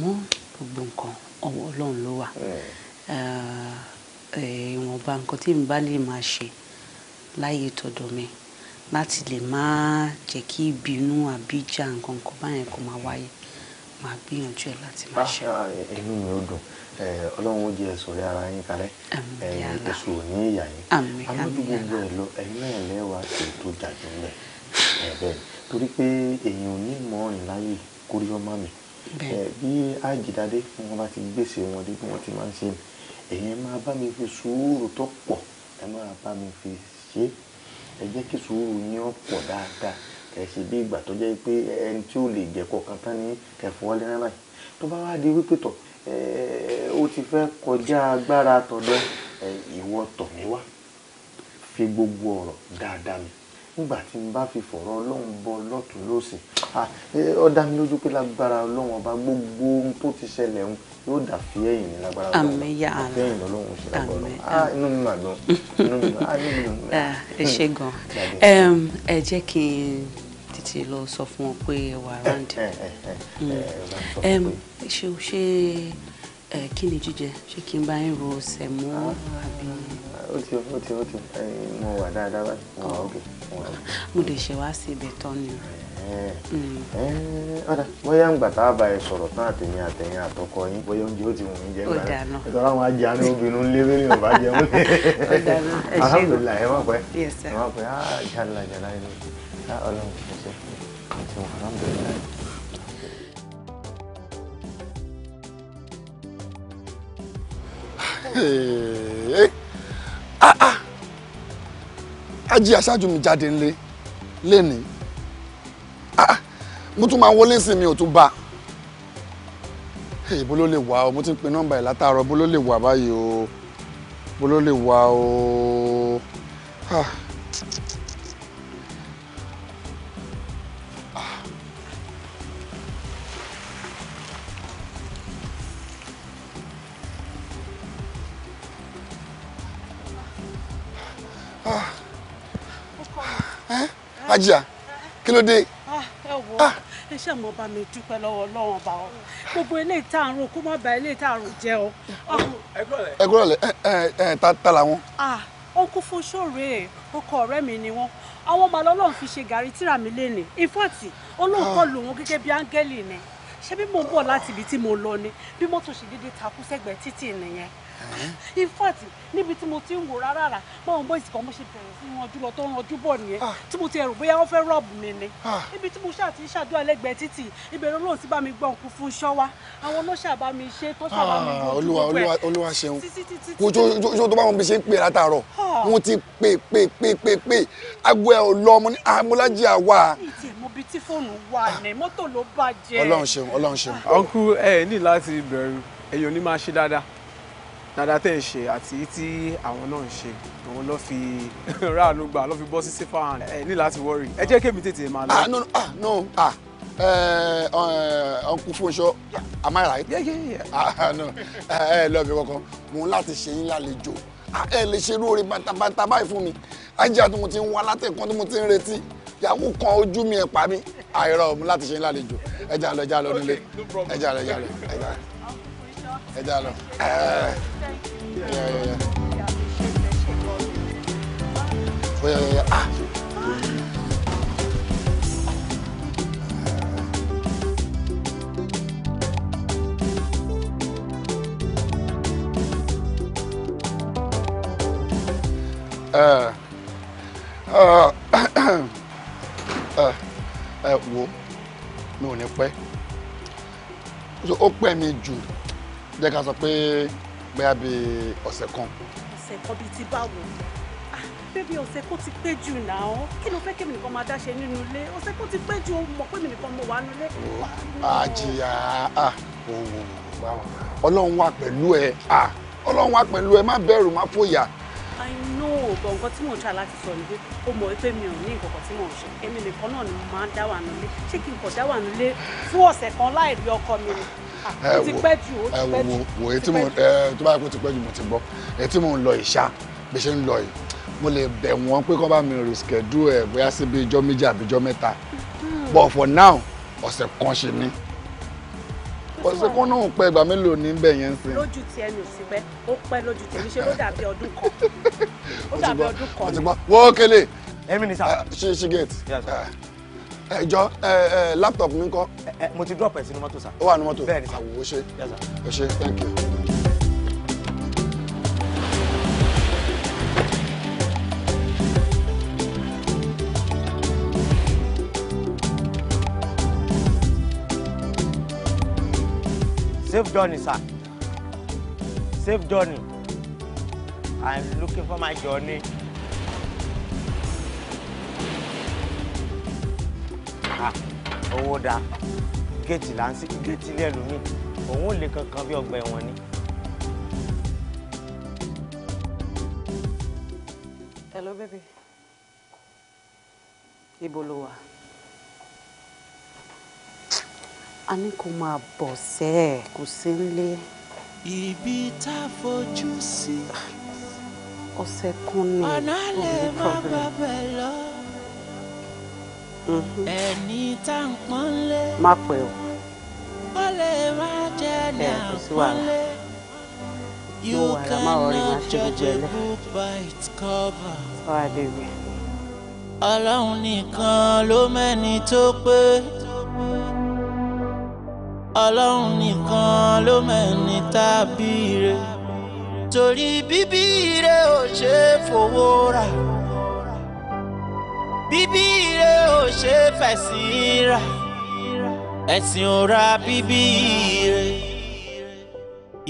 mọ́ gbogbo nǹkan ọwọ́ Ọlọ́run ló wà ìwọ̀nba nǹkan tí mi bá lè máa ṣe láyé tọ̀dọ̀ mi láti lè máa jẹ́ kí ìbínú àbí ìjà nǹkan kan báyẹn kó máa wáyé máa gbìyànjú ẹ láti máa ṣe. Ah, eh, inú mi ò dùn eh, ọlọ́run ó jẹ sọ̀rọ̀ ara yín kalẹ̀ èso eh, ò ní ìyà yín amójú gbogbo ẹ lọ ẹ̀yin náà lẹ́wà tó tó jàdú lẹ̀ bẹ́ẹ̀ torí pé èèyàn ò ní mọ̀ ọ́n láyè kórí ọmọ mi bí àjìdáde fún wọn bá ti gbèsè wọn dé bí wọn ti máa ń ṣe èèyàn máa bá mi fi sùúrù tó pọ̀ ẹ máa bá mi fi ṣe é ẹ jẹ́ kí sùúrù yín ó pọ̀ dáadáa kẹ̀ ṣe bí ìgbà tó jẹ́ pé ẹni tí ó lè jẹ́ kọ̀ọ̀kan tán ní kẹfọ́ lẹ́rẹ́ báyìí tó bá wá di wípé tọ̀ ó ti fẹ́ kọjá agbára tọ̀dọ̀ ìwọ tọ̀ mí wá fi gbogbo ọ̀rọ̀ dáadáa mi nígbà tí n bá fi fọ̀rọ̀ ọlọ́run bọ lọ́tún lọ́sìn ó mi lójú pé lágbára ọlọ́run ọba gbogbo ohun tó ti ṣẹlẹ̀ ń yóò dà fi ẹ̀yìn ní lágbára lọ́wọ́ àmì ya àná fi ẹ̀yìn lọ́lọ́run ṣe lágbára lọ́wọ́ ah inú mi mà dùn inú mi mà ah inú mi mà. Ah, ẹ ṣe gan hmm, ẹ jẹ́ kí n tètè lọ sọ fún wọn pé ẹ wà ráǹdì eh, eh, eh, hmm. ṣe o ṣe kí ni jíjẹ ṣé kí n bá yín ro sẹ̀mó ah, àbí. Ah, ó ti ó ti ó ti mo wà dáadáa báyìí mo mo lè ṣe wá sí ibẹ̀ tán ni. ọ̀dà bóyá ń gbà tá a bá ẹ sọ̀rọ̀ tán àtẹ̀yìn àtẹ̀yìn àtọkọ yín bóyá oúnjẹ ó ti wù mí jẹ gbà náà ìtọ́lá wọn á jẹ àní obìnrin lérè ní ọ̀bá jẹun lé alhamdulilayi ẹ má pẹ́ ẹ má pẹ́ ah jàdùlá jàdùlá yìí ló ah, ọlọ́run kò ṣe é ti wà Ah, ah jí aṣáájú mi jáde ńlé lẹ́ni ah, ah, mo tún máa wọlé sí mi ò tún bá bó ló lè wà o mo ti ń pe nọ́mbà ẹ̀ látàárọ̀ bó ló lè wà báyìí o bó ló lè wà o. Ah. fàájìá kí ló dé. Ah, ẹ wo ah. ẹ ṣe mo bá mi dúpẹ́ lọ́wọ́ Ọlọ́run bá ọ gbogbo eléyìí tá à ń ro kó má ba eléyìí tá à ń ro jẹ ọ. ẹ gbọ́dọ̀ lẹ ẹ ẹ ta ta làwọn. Ah, ó kún fún ṣòro ọkọ ọ̀rẹ́ mi ni wọ́n àwọn ọmọ Ọlọ́run fi ṣe gàrí tíra mi lénìí in fact olóòótọ́ lò wọ́n gẹ́gẹ́ bí áńgẹ́lì ni ṣé bí mo bọ̀ láti ibi tí mo lọ ni bí mọ́tò ṣe déédéé takú sẹ́gbẹ̀ẹ́ títì nìyẹn in fact níbi tí mo ti ń wò rárá báwọn boys kan mo ṣe bẹ̀rẹ̀ sí ranjú lọ tó ranjú bọ̀ nìyẹn ah. tí mo ti ẹ̀rù bóyá wọ́n fẹ́ rọ́ọ̀bù mi ni ah. níbi tí mo ṣáà ti ń ṣàdúrà lẹ́gbẹ̀ẹ́ títì ìbẹ̀rẹ̀ olóhùn sí bá mi gbọ́ òkú fún ṣọ́wá àwọn ló ṣàbá mi ṣe tó ṣàbá mi ah, gbọ́ òkú pẹ́ olúwa ṣeun ojú tó bá wọn bí ṣe ń pè látàárọ̀ wọn ti pè pè pè pè pè agbo ẹ̀ ò lọ ọmọ ní amúlájì àwa ibi tí fóònù wà ní mọ́tò ló bàjẹ́. ọlọ́run ṣeun ọlọ́run ṣeun. ọkùnrin ẹ ní láti bẹ̀rù ẹ̀yin ò máa ṣe dáadáa dáadáa tẹ̀ ń ṣe àti tí àwọn náà ń ṣe òun ló fi ráàánú gbà ló fi bọ́ sí sífà ẹ ní láti wọ́rì ẹ jẹ́ kémi tètè máa lọ. ah no ah no ah ọkùn Fúnṣọ́ am I right? yeah yeah yeah. ah, ah no ẹ lọ bí kankan mo ń láti ṣe yín lálejò ah, ẹ lè ṣerú orin bàtàbàtà báyìí fún mi ajá tí mo ti ń wá látẹ̀kọ́ tí mo ti ń retí ìyàwó kan ojú mi ẹ̀ pa mi ah, àìrọ̀ mo láti ṣe yín lálejò ẹ jà lọ ẹ jà lọ nílé ẹ jà lọ ẹ jà lọ ẹ jà lọ. Ẹ dá lọ. Oya oya ah. Uh, uh, uh, uh, wo mi ò ní pẹ́ ó pẹ́ mi jù jẹ́ ká sọ pé bóyá bí ọ̀sẹ̀ kan. ọ̀sẹ̀ kan bíi ti báwo ah, bébí ọ̀sẹ̀ kó ti pé jù náà kí ló fẹ́ kémi nìkan máa dáṣe nínú ilé ọ̀sẹ̀ kó ti pé jù ó mọ̀ pé mi nìkan mo wà nínú ilé. àjìyà ah, ọlọ́run wà pẹ̀lú ẹ ah, ọlọ́run wà pẹ̀lú ẹ má bẹ̀rù má fòyà. I know but nǹkan tí mò ń ṣe aláti sọ ni pé ó mọ̀ pé mi ò ní nǹkan tí mò ń ṣe èmi nìkan náà ni mo máa ń dá wà nílé ṣé kí n kò dá wà nílé fún ọ̀sẹ̀ kan láì rí ọkọ mi ni ẹ eh, wo eh, wo etí mo ẹ eh, tó bá yẹ kó ti pẹ́ jù mo ti gbọ́ etí mo ń lọ ìṣá bí ṣe ń lọ yìí mo lè bẹ̀ wọ́n pé kó bá mi reschedule ẹ̀ bóyá sí bí ijọ́ méjì àbí ijọ́ mẹ́ta hmm. but for now ọ̀sẹ̀ kan ṣe ní ọ̀sẹ̀ kan náà pẹ́ ìgbà mélòó ní bẹ̀ yẹn ń sìn. lójú ti ẹnu sí pẹ́ ó pẹ́ lójú tèmi ṣe ló dàbí ọdún kan ó dàbí ọdún kan ni. wọ́n kélé. ẹ mi ni sá. ṣe ṣe gate ẹ jọ ẹ laptop mi ńkọ́. ẹ mo ti drop ẹ sínú mọ́tò sá. ó wà ní mọ́tò bẹ́ẹ̀ ni sá. àwòwò ṣe ẹ ṣe thank you. safe journey sir safe journey i'm looking for my journey. owó da géètì là géètì ilé ẹlòmíì òun ò lè kankan bí ọgbà ẹ̀wọ̀n ni. hello baby ibo ló wà a ní kó máa bọ̀ sẹ́ ẹ̀ kò sí nílé. ibi tá a fojú sí. ọ̀sẹ̀ kan ni kò ní problem. Mm-hmm. ẹni tá ń pọ́n lé. má pẹ́ o. wọ́n lè má jẹ́ eh, ní àpọ́n lé. You cannot judge a book by its cover. Oh, Ọlọ́run nìkan ló mẹ́ni tó pé. Ọlọ́run nìkan ló mẹ́ni tábìrè. Torí bíbí rẹ̀ ò ṣe é fowó rà bíbí ire ò ṣe fẹ̀sí ra ẹ̀sìn ò ra bíbí ire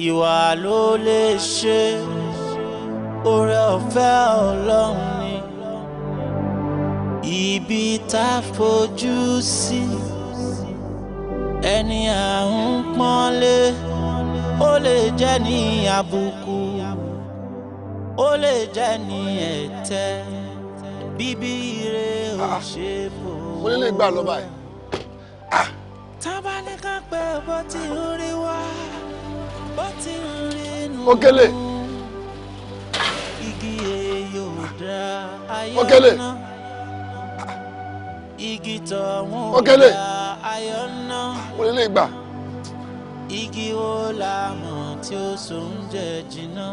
ìwà ló lè ṣe oore ọ̀fẹ́ ọlọ́run ni ibi tá a fojú sí ẹni à ń pọ́nlé ó lè jẹ́ ní àbùkù ó lè jẹ́ ní ẹ̀tẹ́ bíbí ire ò ah. ṣe fò. mo nílé gbà lọ báyìí. Ah. tábàlì kan pé bó ti ń rí wá bó ti ń rí nù. ó kélé. igi èyí ò dá ayé ọ̀nà. ó kélé igi tọ̀hún ọ̀gá ayọ̀ náà. wọ́n lè lè gbà. igi wo la tí ó so ń jẹ jìnnà.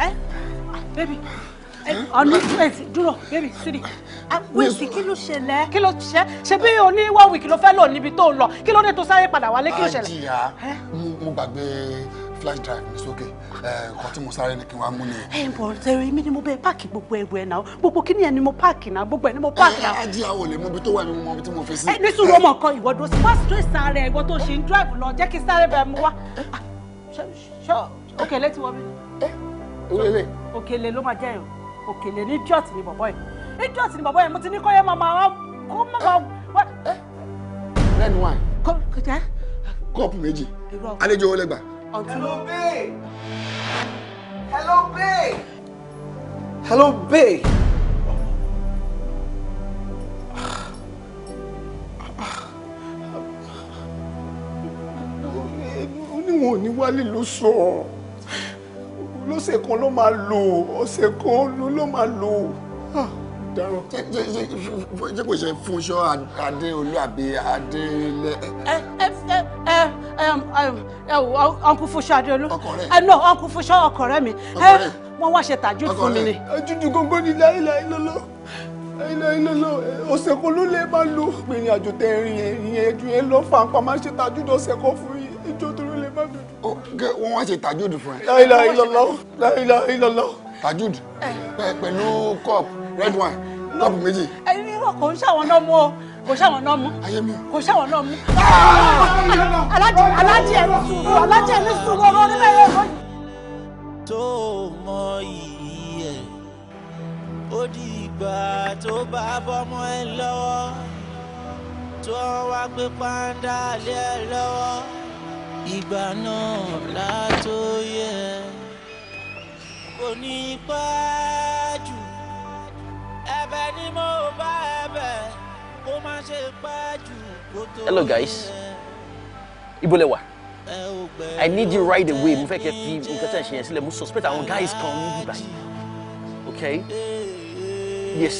Eh? baby bẹbí eh, ọ̀nà ah, wait dúró bẹbí sídi wíìsì kí ló ṣẹlẹ̀. kí ló ṣe ṣe bí o ní one week ló fẹ́ lò níbi tó lọ kí ló dé tó sáré padà wálé kí ló ṣẹlẹ̀. àjìyà eh? mo gbàgbé flash drive mi sókè nǹkan tí mo sáré ni kí n wá mú nìyẹn. ẹ bọ̀ tẹ̀rẹ̀ mi ni mo bẹ páàkì gbogbo ẹrù ẹ̀ náà gbogbo kí nìyẹn ni mo páàkì náà gbogbo ẹ̀ mo páàkì náà. àjìyà ò lè mọ ibi tó wà ní ibi tí mo fi sí. ẹ ní sùúrù kan ìwọ ah, ok létí wọ mi òkèlè. òkèlè ló máa jẹ́ yàn òkèlè ní idiot ni bọ̀bọ̀ yìí idiot ni bọ̀bọ̀ yìí mo ti ní kó yẹ màmá wa kó màmá wa. lẹ́nu wa kọ́ọ̀pù méjì àlejò olè gbà. hello babe hello babe hello babe. oníwọ̀n ò ní wálé ló sọ ọ́ lọ́sẹ̀ kan ló máa lò ọ̀sẹ̀ kan ló máa lò ah, dáràn. ṣé kò ṣe Fúnṣọ́ Adéolú àbí Adélé. ẹ ẹ ẹ ẹ ẹ ọkùn Fúnṣọ́ Adéolú ẹ náà ọkùn Fúnṣọ́ ọkọ rẹ mi wọ́n wá ṣe tàjú fún mi ni. ojúdu gbogbo ni láìláì lọ́lọ́ láìláì lọ́lọ́ ọ̀sẹ̀ kan ló lè máa lò. ìrìn àjò tẹ ìrìn ẹ̀jú yẹn lọ́ fà ń pa máa ṣe tàjú ọ̀sẹ̀ kan fún ìjọ wọ́n wá ṣe tajud fún ẹ. láìla ìlọlọ láìla ìlọlọ. tajud eh. pẹ̀lú cup red wine cup méjì. ẹni kò ń ṣàwọn náà mú o kò ṣàwọn náà mú kò ṣàwọn náà mú. Ah! alájẹ alájẹ ẹni sùúrù alájẹ ẹni sùúrù ọmọ onílẹ̀ yẹn lọ. tó o mọ iyì ẹ ó di ìgbà tó bá bọ́mọ ẹ lọ́wọ́ tó wá gbé pàǹdà lé ẹ lọ́wọ́ ìgbà náà látó yẹ kò ní pẹ́ jù ẹ̀bẹ̀ ni mo bá ẹ̀bẹ̀ kó má ṣe pẹ́ jù kó tó yẹ. hello guys ibo lẹ I need you right away. Mo fẹ́ kẹ́ fi nǹkan tẹ̀ ṣe yẹn sílẹ̀. Mo suspect àwọn guys kan ń bí báyìí. Okay? Yes.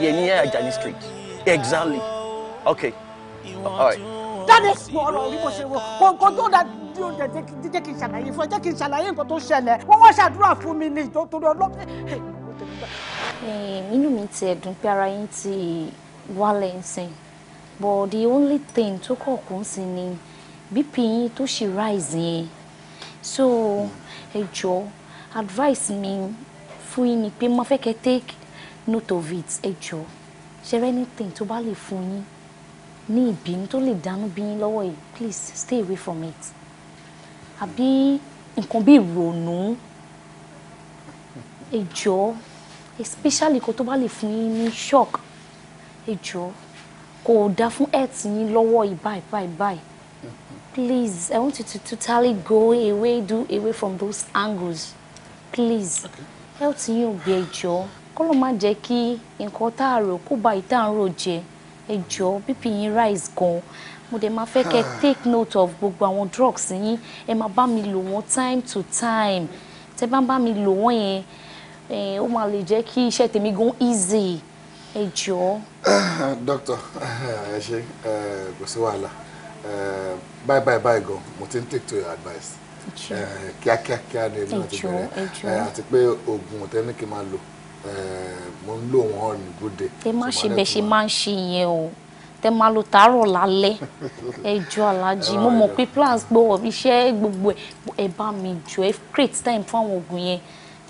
Yẹn ní Ajani street. Exactly. Okay. All right dáadé ọ̀rọ̀ orí mo ṣe wọ kọ̀ọ̀kan tó dá dúró dẹ̀ jẹ́ kí n ṣàlàyé fún ẹ jẹ́ kí n ṣàlàyé nǹkan tó ṣẹlẹ̀ wọ́n wá ṣàdúrà fún mi ní ìtòtòrò ọlọ́pẹ́. inú mi ti ẹ̀dùn pé ara yín ti wálẹ̀ ń but the only thing tó kọ̀ kún sí ni bp yín tó ṣì rise yẹn so ẹ jọ̀ọ́ advice mi fún yín ni pé mo fẹ́ kẹ́ take note of it ẹ jọ̀ọ́ ṣe anything tó bá lè fún yín ní ìbínú tó lè dánú bí yín lọ́wọ́ yìí please stay away from it àbí nǹkan bí ìrònú ẹjọ́ especially kó tó bá lè fún yín ní shock ẹjọ́ kò dáa fún health yín lọ́wọ́ yìí báyìí báyìí báyìí please I want you to totally go away do away from those angles please health yín ò gbé ẹjọ́ kọ́ ló má jẹ́ kí nǹkan tá a rò kó bá ìtàn rò jẹ́ ẹ jọ̀ọ́ bp yín rise gan mo dẹ̀ máa fẹ́ kẹ́ take note of gbogbo àwọn drugs yín ẹ máa bá mi lò wọ́n time to time tẹ́ bá bá mi lò wọ́n yẹn ó máa lè jẹ́ kí iṣẹ́ tèmi gan easy ẹ doctor ẹ ṣe kò sí wàhálà bye bye bye gan mo ti ń take to your advice kíákíákíá ni èmi àti bẹ̀rẹ̀ àti pé oògùn tẹ́ ní kí n máa lò. Eh, mo ń lò wọ́n ní bóde. ẹ má ṣe bẹ́ẹ̀ ṣe máa ń ṣe yẹn o tẹ máa lo tàárọ̀ lálẹ́ ẹjọ́ alájí mo mọ̀ pé plans gbọ́ iṣẹ́ gbogbo ẹ̀ bá mi jọ ẹ create time fún àwọn oògùn yẹn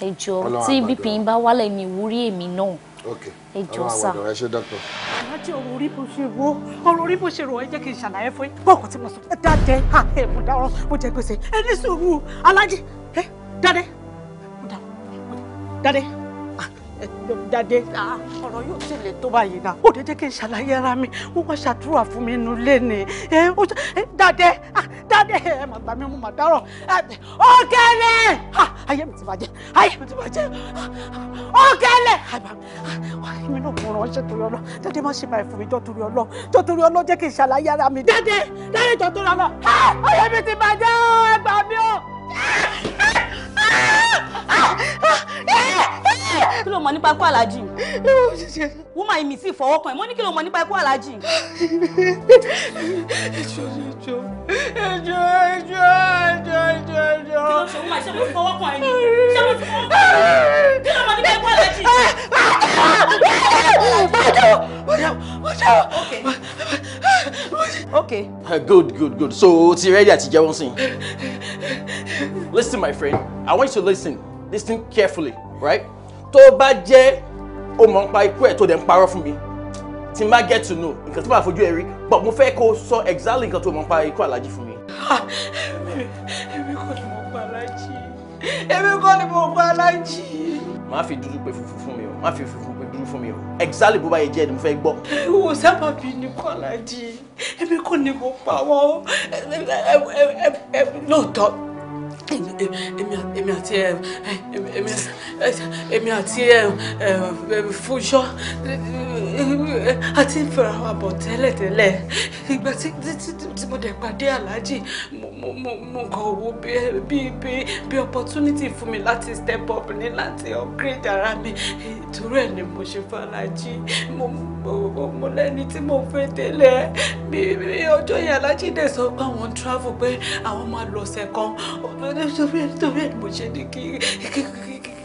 ẹjọ́ tí bp yín bá wálẹ̀ ní ìwúrí èmi náà ẹjọ́ sá. ẹ ṣe dọ́tọ̀. alájí ọ̀rọ̀ orí bó ṣe wo ọ̀rọ̀ orí bó ṣe rò ẹ jẹ́ kí n ṣàlàyé fún yín gbọ́kàn tí mo sọ. dáadẹ́ ha ẹ mo dáwọ́ mo jẹ gbèsè ẹ ní sùúrù alájí ẹ dáadẹ́ mo dáwọ́ dáadẹ́. Dade ọ̀rọ̀ yóò sì lè tó báyìí náà. Ó dédé kí n ṣàlàyé ara mi. Wọ́n wá ṣàdúrà fún mi nínú ilé ni. Dade Dade ẹ mà gbà mí mo mà dárọ̀. Ọ̀kẹ́lẹ̀! Ayé mi ti bàjẹ́. Ayé mi ti bàjẹ́. Ọ̀kẹ́lẹ̀! Èmi náà mo ránṣẹ́ torí ọlọ́. Dade má ṣe máa fún mi jọ́ torí ọlọ́. Jọ́ torí ọlọ́ jẹ́ kí n ṣàlàyé ara mi. Dade Dade jọ́ torí ọlọ́. Ayé mi ti bàjẹ́ ẹ gbà mí o kí ló mọ̀ nípa ikú aláàjì. wúmà ìmì sí ìfọwọ́kàn ẹ̀ mo ní kí ló mọ̀ nípa ikú aláàjì. ẹjọ ẹjọ ẹjọ ẹjọ ẹjọ ẹjọ ẹjọ. kí ló ṣe wúmà ṣé mo ti fọwọ́kàn ẹ̀ ni ṣé mo ti fọwọ́kàn ẹ̀ ni kí ló mọ̀ nípa ikú aláàjì. Okay. Uh, good, good, good. So, ti ready àti jẹun sin. Listen, my friend. I want you to listen. Listen carefully, right? tó bá jẹ́ o mọ̀ nípa ikú ẹ̀ tó dẹ̀ ń parọ́ fún mi tí n bá get to know nǹkan tí màá fojú ẹ rí but mo fẹ́ kó o sọ exactly nǹkan tó mọ̀ nípa ikú alájí fún mi. èmi kọ́ ni mo pa alájí èmi kọ́ ni mo pa alájí. má fi dúdú pé funfun fún mi o má fi funfun pé dúdú fún mi o exactly bó bá yẹ jẹ́ ni mo fẹ́ gbọ́. wo sábà bí ní kọ́ alájí èmi kọ́ ni mo pa wọ́n lóòótọ́ èmi àti èmi àti Fúnṣọ́ àti ìfẹ́ra wa bọ̀ tẹ́lẹ̀tẹ́lẹ̀ ìgbà tí mo dẹ̀ pàdé aláàjì mo kàn wo bí opportunity fún mi láti step up ní láti upgrade ara mi torí ẹ̀ ni mo ṣe fún aláàjì mo mo lẹ́ni tí mo fẹ́ tẹ́lẹ̀ bí ọjọ́ yẹn alájídé sọ pé àwọn travel pé àwọn máa lọ ọ̀sẹ̀ kan torí ẹni mo ṣe ní kí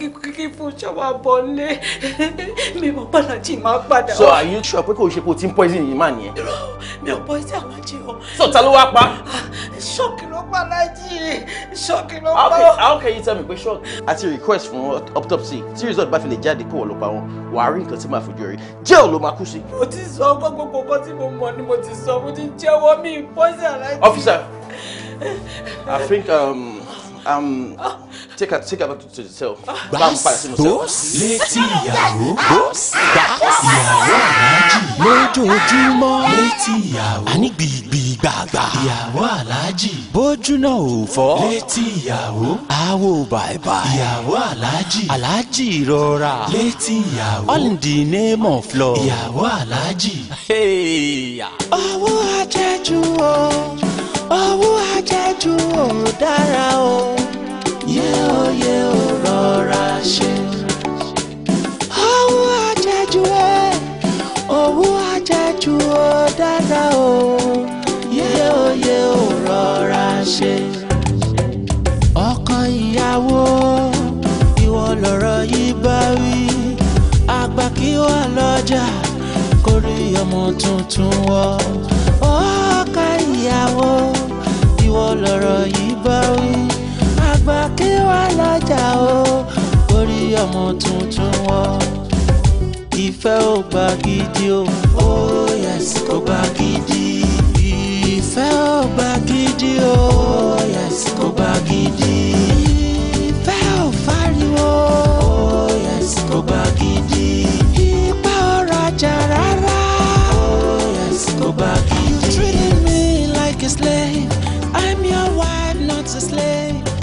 kí Fúnṣọ́ máa bọ̀ lé mi mọ̀ padà jí máa padà. so are you sure pé kò ṣe kó o ti ń poison yìí máa nìyẹn. irọ́ mi ò poison Aláàjì o. so ta ló wá pa. ṣọ́ọ̀kì ah, ló pa Aláàjì ṣọ́ọ̀kì ló pa. how ah, can you tell me pé ṣọ́ọ̀kì. àti request fún autopsy tí result bá fi lè jáde pé wọ́n ló pa wọn wàá rí nǹkan tí màá fojú rí jẹ́ ò ló máa kú sí. mo ti sọ gbogbo nǹkan tí mo mọ̀ ni mo ti sọ mo ti jẹ́wọ́ mi poison Aláàjì. officer I think um, um, take her take her back to, yourself. the cell. bọ́s létí ìyàwó bọ́s ìyàwó aláàjì lójoojúmọ́ létí ìyàwó àní gbìgbì gbàgbà ìyàwó aláàjì bójú náà ò fọ́ létí ìyàwó àwo bàìbà ìyàwó aláàjì aláàjì ìrora létí ìyàwó all in the name of love ìyàwó aláàjì. àwọ̀ àjẹjù o owó àjẹjù ò dára o yẹ o yẹ o rọra ṣe. owó àjẹjù ẹ owó àjẹjù ò dára o yẹ o yẹ o rọra ṣe. ọkàn ìyàwó ìwọ lọ̀rọ̀ yìí bá wí àgbà kí wà lọ́jà kórè ọmọ tuntun wọ ó káríyàwó ìwọ lọ̀rọ̀ yìí bá wí àgbà kí wà lọ́jà o orí ọmọ tuntun wọn ìfẹ́ ò gbà gidi o ó oh, yes kò gbà gidi ìfẹ́ ò gbà gidi o ó oh, yes kò gbà gidi. Just lay